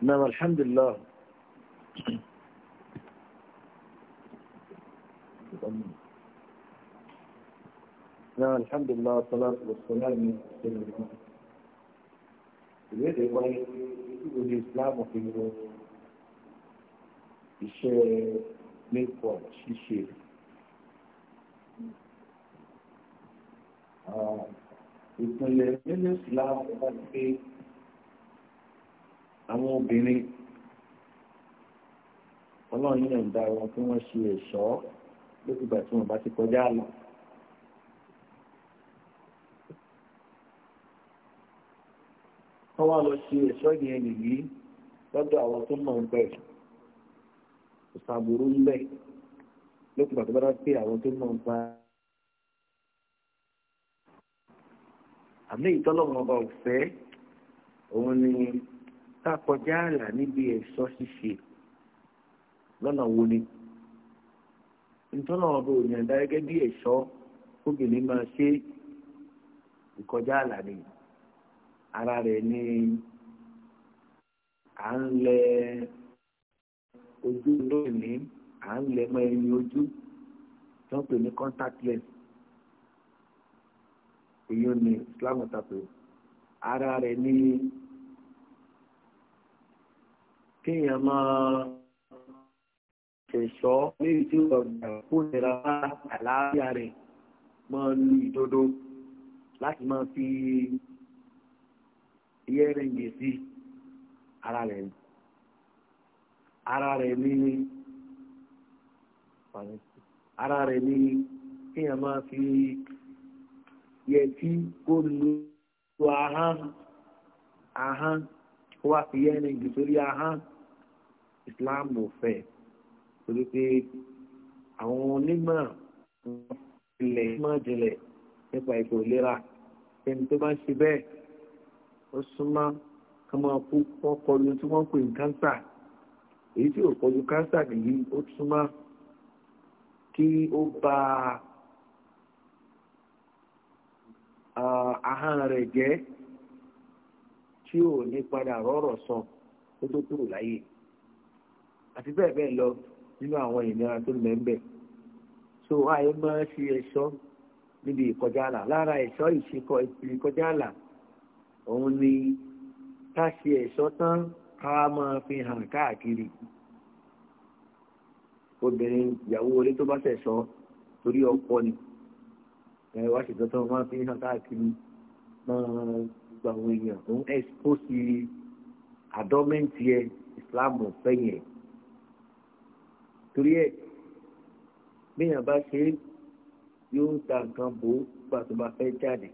نعم الحمد لله نعم الحمد لله والصلاة والسلام على رسول الله في الإسلام وفي الشيء ليكو شيء ااا آه، àwọn obìnrin ọlọ́run yìí náà ń dá wọn kí wọ́n ṣe ẹ̀ṣọ́ lókùgbà tí wọ́n bá ti kọjá àlọ́. wọ́n wá lọ ṣe ẹ̀ṣọ́ yẹn nìyí lọ́dọ̀ àwọn tó mọ̀ ń bẹ̀ kò sàbòrò ń bẹ̀ lókùgbà tó bá dá pé àwọn tó mọ̀ ń bá. àmì ìtọ́lọ́mọba ò fẹ́ òun ni tá a kọjá àlà níbi ẹ̀sọ́ ṣíṣe lọ́nà wo ni ntọ́nà ọba òyìnbá gẹ́gẹ́ bí ẹ̀sọ́ obìnrin máa ṣe ìkọjá àlà ni ara rẹ̀ ni à ń lẹ ojú lónìí à ń lẹ mọ ẹyin ojú tó ń pè ní contact lens èyí ò ní Islam tàpé ara rẹ̀ ni kéèyàn máa ṣẹ̀ṣọ́ léyìí tí ó gbà kó nira bá àlàáfíà rẹ̀ máa lu ìdodo láti máa fi yẹ́rìngì sí ara rẹ̀ ni ara rẹ̀ ni ara rẹ̀ ni kéèyàn máa fi yẹ tí kó lu ahán ahán kó wá fi yẹ́rìngì sórí ahán. Islam ò fẹ́ torí pé àwọn onímọ̀ ilẹ̀ mọ̀ jinlẹ̀ nípa ètò ìlera ẹni tó bá ń ṣe bẹ́ẹ̀ ó súnmọ́ ká máa kú wọ́n kọlu tí wọ́n pè ní kánsà èyí tí ò kọlu kánsà nìyí ó súnmọ́ kí ó ba ahọ́n rẹ̀ jẹ́ tí ò ní padà rọ́rọ̀ sọ kó tó kúrò láyé àti bẹ́ẹ̀ bẹ́ẹ̀ lọ nínú àwọn ìnira tó mẹ́ńbẹ̀ so àyè máa ṣe ẹ̀ṣọ́ níbi ìkọjá àlà lára ẹ̀ṣọ́ ìṣekọ ìkọjá àlà òun ni ká ṣe ẹ̀ṣọ́ tán ká máa fi hàn káàkiri obìnrin ìyàwó orí tó bá ṣẹ̀ṣọ́ torí ọkọ ni ẹ wá ṣètò tó máa fi hàn káàkiri máa gba àwọn èèyàn òun expose àdọ́mẹ́ntì ẹ ìsìlámù fẹ́yìn ẹ̀. torí ẹ̀ bíyàn bá ṣe yóò ta nǹkan bò ó gbà tó bá fẹ́ jáde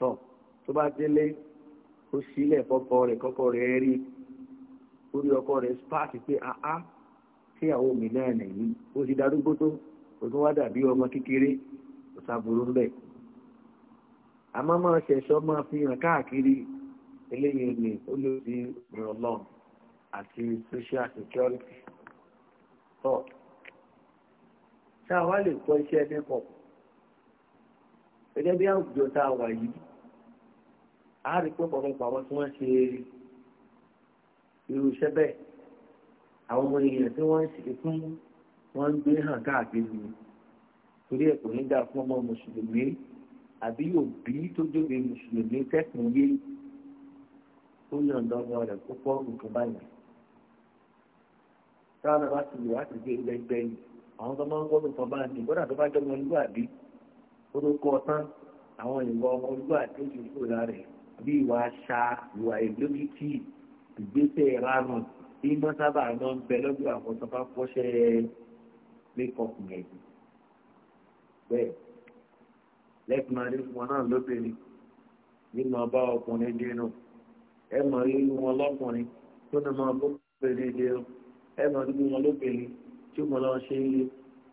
tọ̀ tó bá délé ó sílẹ̀ fọ́kọ rẹ̀ kọ́kọ rẹ̀ rí orí ọkọ rẹ̀ spáàkì pé àá síyàwó mi náà nìyí ó ti darúgbó tó ó tún wá dàbí ọmọ kékeré àmọ́ máa ṣẹ̀ṣọ́ máa fi hàn káàkiri eléyìí ni ó àti social security. tọ́ ṣáà wá lè kọ́ iṣẹ́ mẹ́kọ̀ọ́ gẹ́gẹ́ bí àwùjọ tá a wà yìí a rí pé ọ̀pọ̀lọpọ̀ àwọn tí wọ́n ṣe irú iṣẹ́ bẹ́ẹ̀ àwọn ọmọ èèyàn tí wọ́n ń ṣe fún wọ́n ń gbé hàn káàkiri ni torí ẹ̀ kò ní dáa fún ọmọ mùsùlùmí àbí òbí tó jóbe mùsùlùmí tẹ́kùn yé ó yàn dọ́gba rẹ̀ púpọ̀ nǹkan báyìí sáwọn bá ti lò wá ti gbé gbẹgbẹ yìí àwọn tó máa ń gbọ́dọ̀ kan bá ní gbọ́dọ̀ tó bá jẹ́ ọmọlúwà bí ó tó kọ́ tán àwọn ìwà ọmọlúwà tó ti kó lára bí ìwà aṣa ìwà ìlókìkì ìgbésẹ̀ ìranù bí wọ́n sábà náà ń bẹ lọ́dọ̀ àwọn tó bá kọ́ṣẹ́ mékọ̀pù yẹn bẹ́ẹ̀ lẹ́kùnrin wọn náà lóbìnrin nínú ọba ọkùnrin dínú ẹ mọ̀ rí wọn lọ́kùnrin tó ní máa bó dínú ẹnu ọdún bí wọn lóbìnrin tí wọn lọ ṣe ń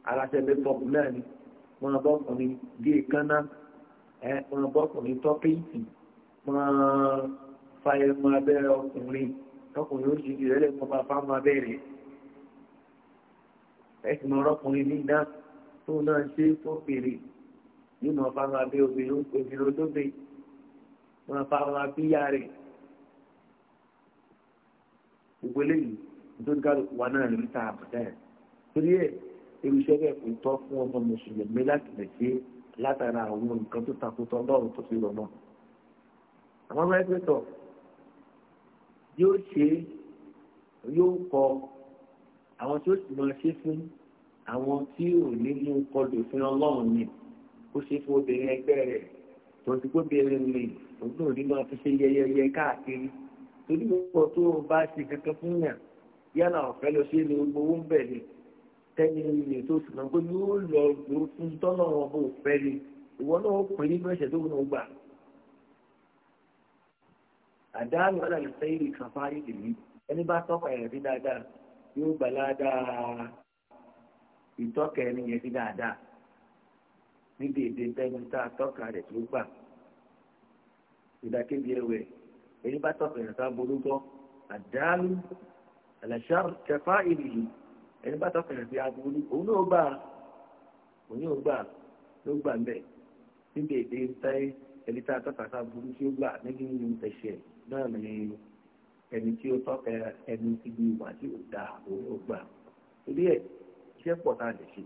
aláṣẹ mẹfọọpù náà ni wọn bọkùnrin bíi kánná ẹ wọn bọkùnrin tọpẹǹtì wọn fa ẹmu abẹ́rẹ́ ọkùnrin tọkùnrin ó ṣe ìrẹ̀lẹ̀ wọn bá fa ẹmu abẹ́rẹ́ ẹsìn mọ ọkùnrin ní iná tó náà ṣe fọbìnrin nínú ọba ẹmu abẹ́ obìnrin obìnrin olóbe wọn fa abíyá rẹ gbogbo eléyìí nítorí ká wà náà lórí tá a bọ̀ dáyà torí ẹ̀ irúṣẹ́ bẹ́ẹ̀ kò tọ́ fún ọmọ mùsùlùmí láti lè ṣe látara àwọn nǹkan tó takùtọ̀ ọlọ́run tó fi rọ̀ náà àwọn ọmọ ẹgbẹ́ tọ̀ yóò ṣe yóò kọ àwọn tí ó sì máa ṣe fún àwọn tí ò ní mú kọlù fún ọlọ́run ni ó ṣe fún obìnrin ẹgbẹ́ rẹ̀ tó ti gbóbìnrin mi òun náà ní máa fi ṣe yẹyẹyẹ káàkiri torí mo pọ̀ tó o bá ṣe kankan fún yàn yánà ọ̀fẹ́ lọ sí ilé gbowó ń bẹ̀ ni tẹ́ni ilé tó sì náà pé yóò lọ lò fún tọ́nà wọn bó fẹ́ ni ìwọ náà pè nínú ẹ̀ṣẹ̀ tó wọn gbà. àdáàlú aláàlú sẹ́yìn kan fáyé tèmi ẹni bá tọ́ka ẹ̀rẹ̀ sí dáadáa yóò gbà ládàá ìtọ́ka ẹni yẹn sí dáadáa níbi èdè tẹ́gun tá a tọ́ka rẹ̀ tó gbà. ìdákébi ẹwẹ̀ ẹni bá tọ́ka ẹ̀rẹ̀ sá borúgbọ́ àdáàlú àlàṣàr kẹfà ìrìlì ẹni bá tọkùnrin sí aburú òun náà gbà òun yóò gbà ló gbà mbẹ níbi èdè táyé ẹni tá a tọ́ka sí aburú tí ó gbà níbi nínú ẹ̀ṣẹ̀ náà ní ẹni tí ó tọ́ka ẹni tí bí wà tí ò dáa òun yóò gbà torí ẹ iṣẹ́ pọ̀ tá a lè ṣe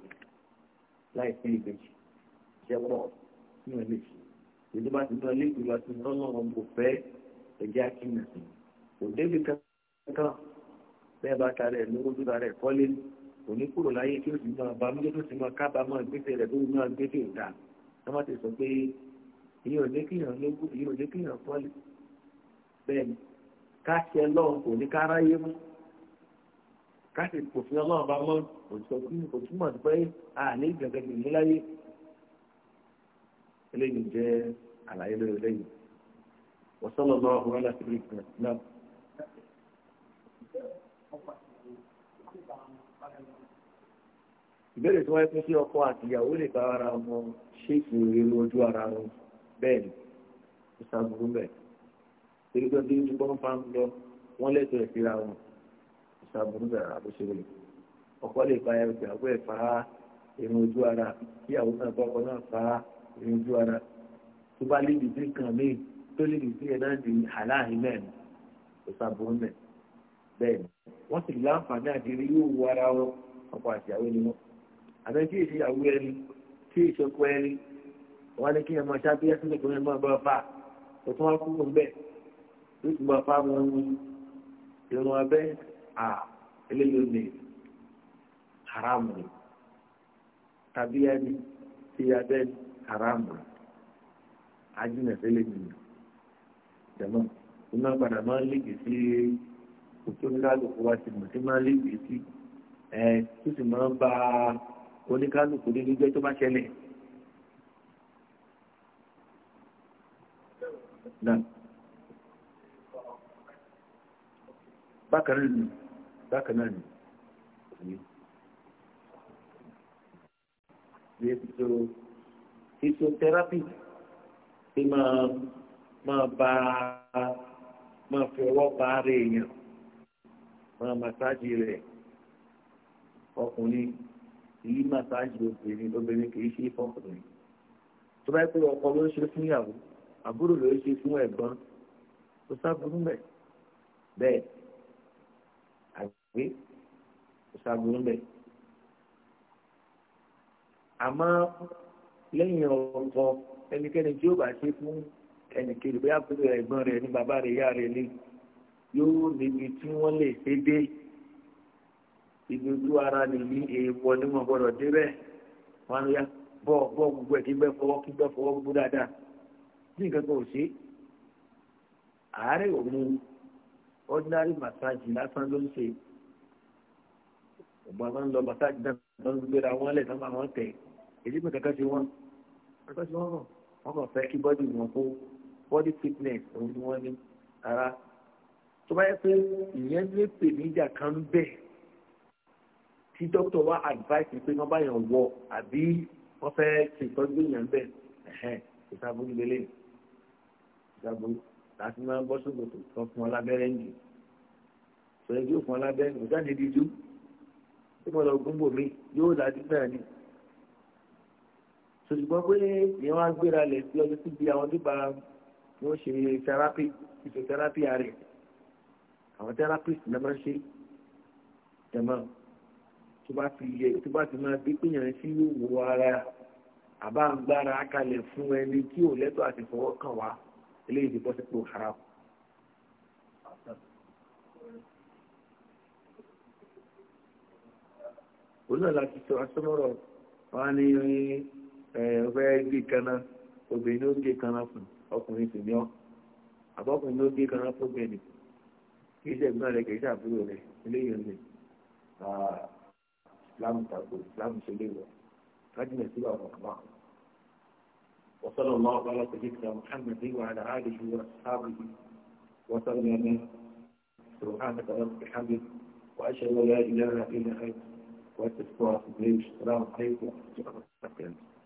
láì sí ìbejì iṣẹ́ pọ̀ ní ọ̀lẹ́ ṣe èdè bá ti tọ́ ilé ìgbìmọ̀ àti ìtọ́nà ọ̀gbọ̀n fẹ́ ẹ̀jẹ̀ akínà òdèbí kankan bẹ́ẹ̀ bá tarẹ̀ lówó tó tarẹ̀ kọ́lé òní kúrò láyé tí ó sì máa bá mú tó sì máa kábàámọ̀ gbèsè rẹ̀ tó máa gbèsè dà wọ́n má ti sọ pé ìyẹn ò lékìyàn lówó ìyẹn ò lékìyàn kọ́lé bẹ́ẹ̀ ni ká ṣe lọ́hùn kò ní ká ráyé mú ká sì kò fi ọlọ́run bá mọ́ kò túmọ̀ sí pé a ní ìgbàgbẹ́ ìmú láyé eléyìí jẹ́ àlàyé lórí eléyìí wọ́n sọ́lọ́ lọ́wọ́ ọ̀hún ọ̀la sí ìgbà náà ìbéèrè tí wọ́n pín sí ọkọ àti ìyàwó lè bá ara wọn ṣèkì ìrírí ojú ara wọn bẹ́ẹ̀ ni kò sábúrú bẹ́ẹ̀ torí pé bí wọ́n bá ń lọ wọ́n lẹ́tọ̀ọ́ ìfira wọn kò sábúrú bẹ́ẹ̀ rà bó ṣe wọlé ọkọ lè fa ìyàwó ẹ̀ fa irun ojú ara kí ìyàwó náà bá ọkọ náà fa irun ojú ara tó bá lè dìde kan míì tó lè dìde náà di àláàrin mẹ́rin kò sábúrú bẹ́ẹ̀ ni wọ́n sì láǹfààní àti rí yóò wọ ara wọn ọkọ àti ìyàwó ni wọn àbẹ tí èsì ìyàwó ẹni tí èsì ọkọ ẹni wọn ní kí ẹ máa ṣáàbíyá sí ìgbà ẹ máa bá a fà ó tún wá kúrò ń bẹ ló tún bá a fà wọn ní irun abẹ à eléyìí ní haramu ni tàbí ẹni tí abẹ haramu ni ajínà sílẹ̀ nìyẹn jẹ̀mọ́ iná padà máa ń lè gbèsè kò tó kálukú wa ti mọ̀ tí máa lè gbé sí ẹ̀ tó sì máa ń ba oníkálukú nínú jẹ́ tó bá ṣẹlẹ̀. bákan náà ni bákan náà ni ní ètò physiotherapy ti máa máa bá máa fi ọwọ́ bá ara èèyàn máa masáàjì rẹ̀ ọkùnrin èyí masáàjì obìnrin obìnrin kì í ṣe fọkùnrin tó bá pẹ́ ọkọ ló ń ṣe fún ìyàwó àbúrò ló ń ṣe fún ẹ̀gbọ́n tó sábúrú mẹ́ bẹ́ẹ̀ àgbé tó sábúrú mẹ́ àmọ́ lẹ́yìn ọkọ ẹnikẹ́ni tí ó bá ṣe fún ẹnikẹ́ni bóyá àbúrò ẹ̀gbọ́n rẹ̀ ní bàbá rẹ̀ ìyá rẹ̀ lẹ́yìn yóò níbi tí wọ́n lè ṣe dé ibi ojú ara nìyí èèwọ̀ ni wọ́n gbọ́dọ̀ débẹ̀ wọn lóya bọ́ bọ́ gbogbo ẹ̀ kí bẹ́ fọwọ́ kí bẹ́ fọwọ́ gbogbo dáadáa bí nǹkan kan ò ṣe àárẹ̀ òmu ordinary massage lásán ló ń ṣe ọ̀gbọ́n máa ń lọ massage náà wọ́n ń gbéra wọn lẹ̀ náà máa ń tẹ̀ èyí pé kankan ṣe wọ́n kankan ṣe wọ́n rọ̀ wọ́n kàn fẹ́ kí bọ́dì wọn kó body fitness òun ni wọ́n ní ara tó bá yẹ pé ìyẹn lè pè níjà kan bẹ́ẹ̀ tí dókítà wa advice pé wọ́n bá yàn wọ àbí wọ́n fẹ́ ṣe ìtọ́jú èèyàn bẹ́ẹ̀ ẹ̀hẹ́n kò sábúrú lélẹ̀ kò sábúrú láti máa ń bọ́ sókòtò tó fún ọ lábẹ́rẹ́ nìyí sọ èyí yóò fún ọ lábẹ́rẹ́ nìyí ọ̀gá ni dídú tí mo lọ gúnbò mi yóò dájú náà ni ṣùgbọ́n pé ìyẹn wá gbéra lẹ̀ sí ọdún síbi àwọn tó wọn ṣe therapy physiotherapy rẹ̀ àwọn therapist náà máa ń ṣe tẹ̀mọ́ tó bá ti yẹ tó bá ti máa gbé péyàn sí ìwò ara àbáǹgbára kalẹ̀ fún ẹni tí ò lẹ́tọ̀ọ́ àti fọwọ́ kàn wá eléyìí ti bọ́ sípò haram. òun náà láti sọ asọ́mọ́rọ̀ wọn ní ọ̀fẹ́ gbé kaná obìnrin ló gbé kaná fún ọkùnrin sì ní ọ àbọ̀kùnrin ló gbé kaná fún obìnrin kì í ṣẹ̀gbọ́n rẹ̀ kì í ṣàbúrò rẹ̀ eléyìí ni islam tako islam ṣe léwọ̀ kájínà sí wà kọ̀ọ̀kan. وصلى الله على سيدنا محمد وعلى آله وأصحابه وسلم سبحانك رب الحمد وأشهد أن لا إله إلا أنت وأستغفرك السلام عليكم ورحمة الله وبركاته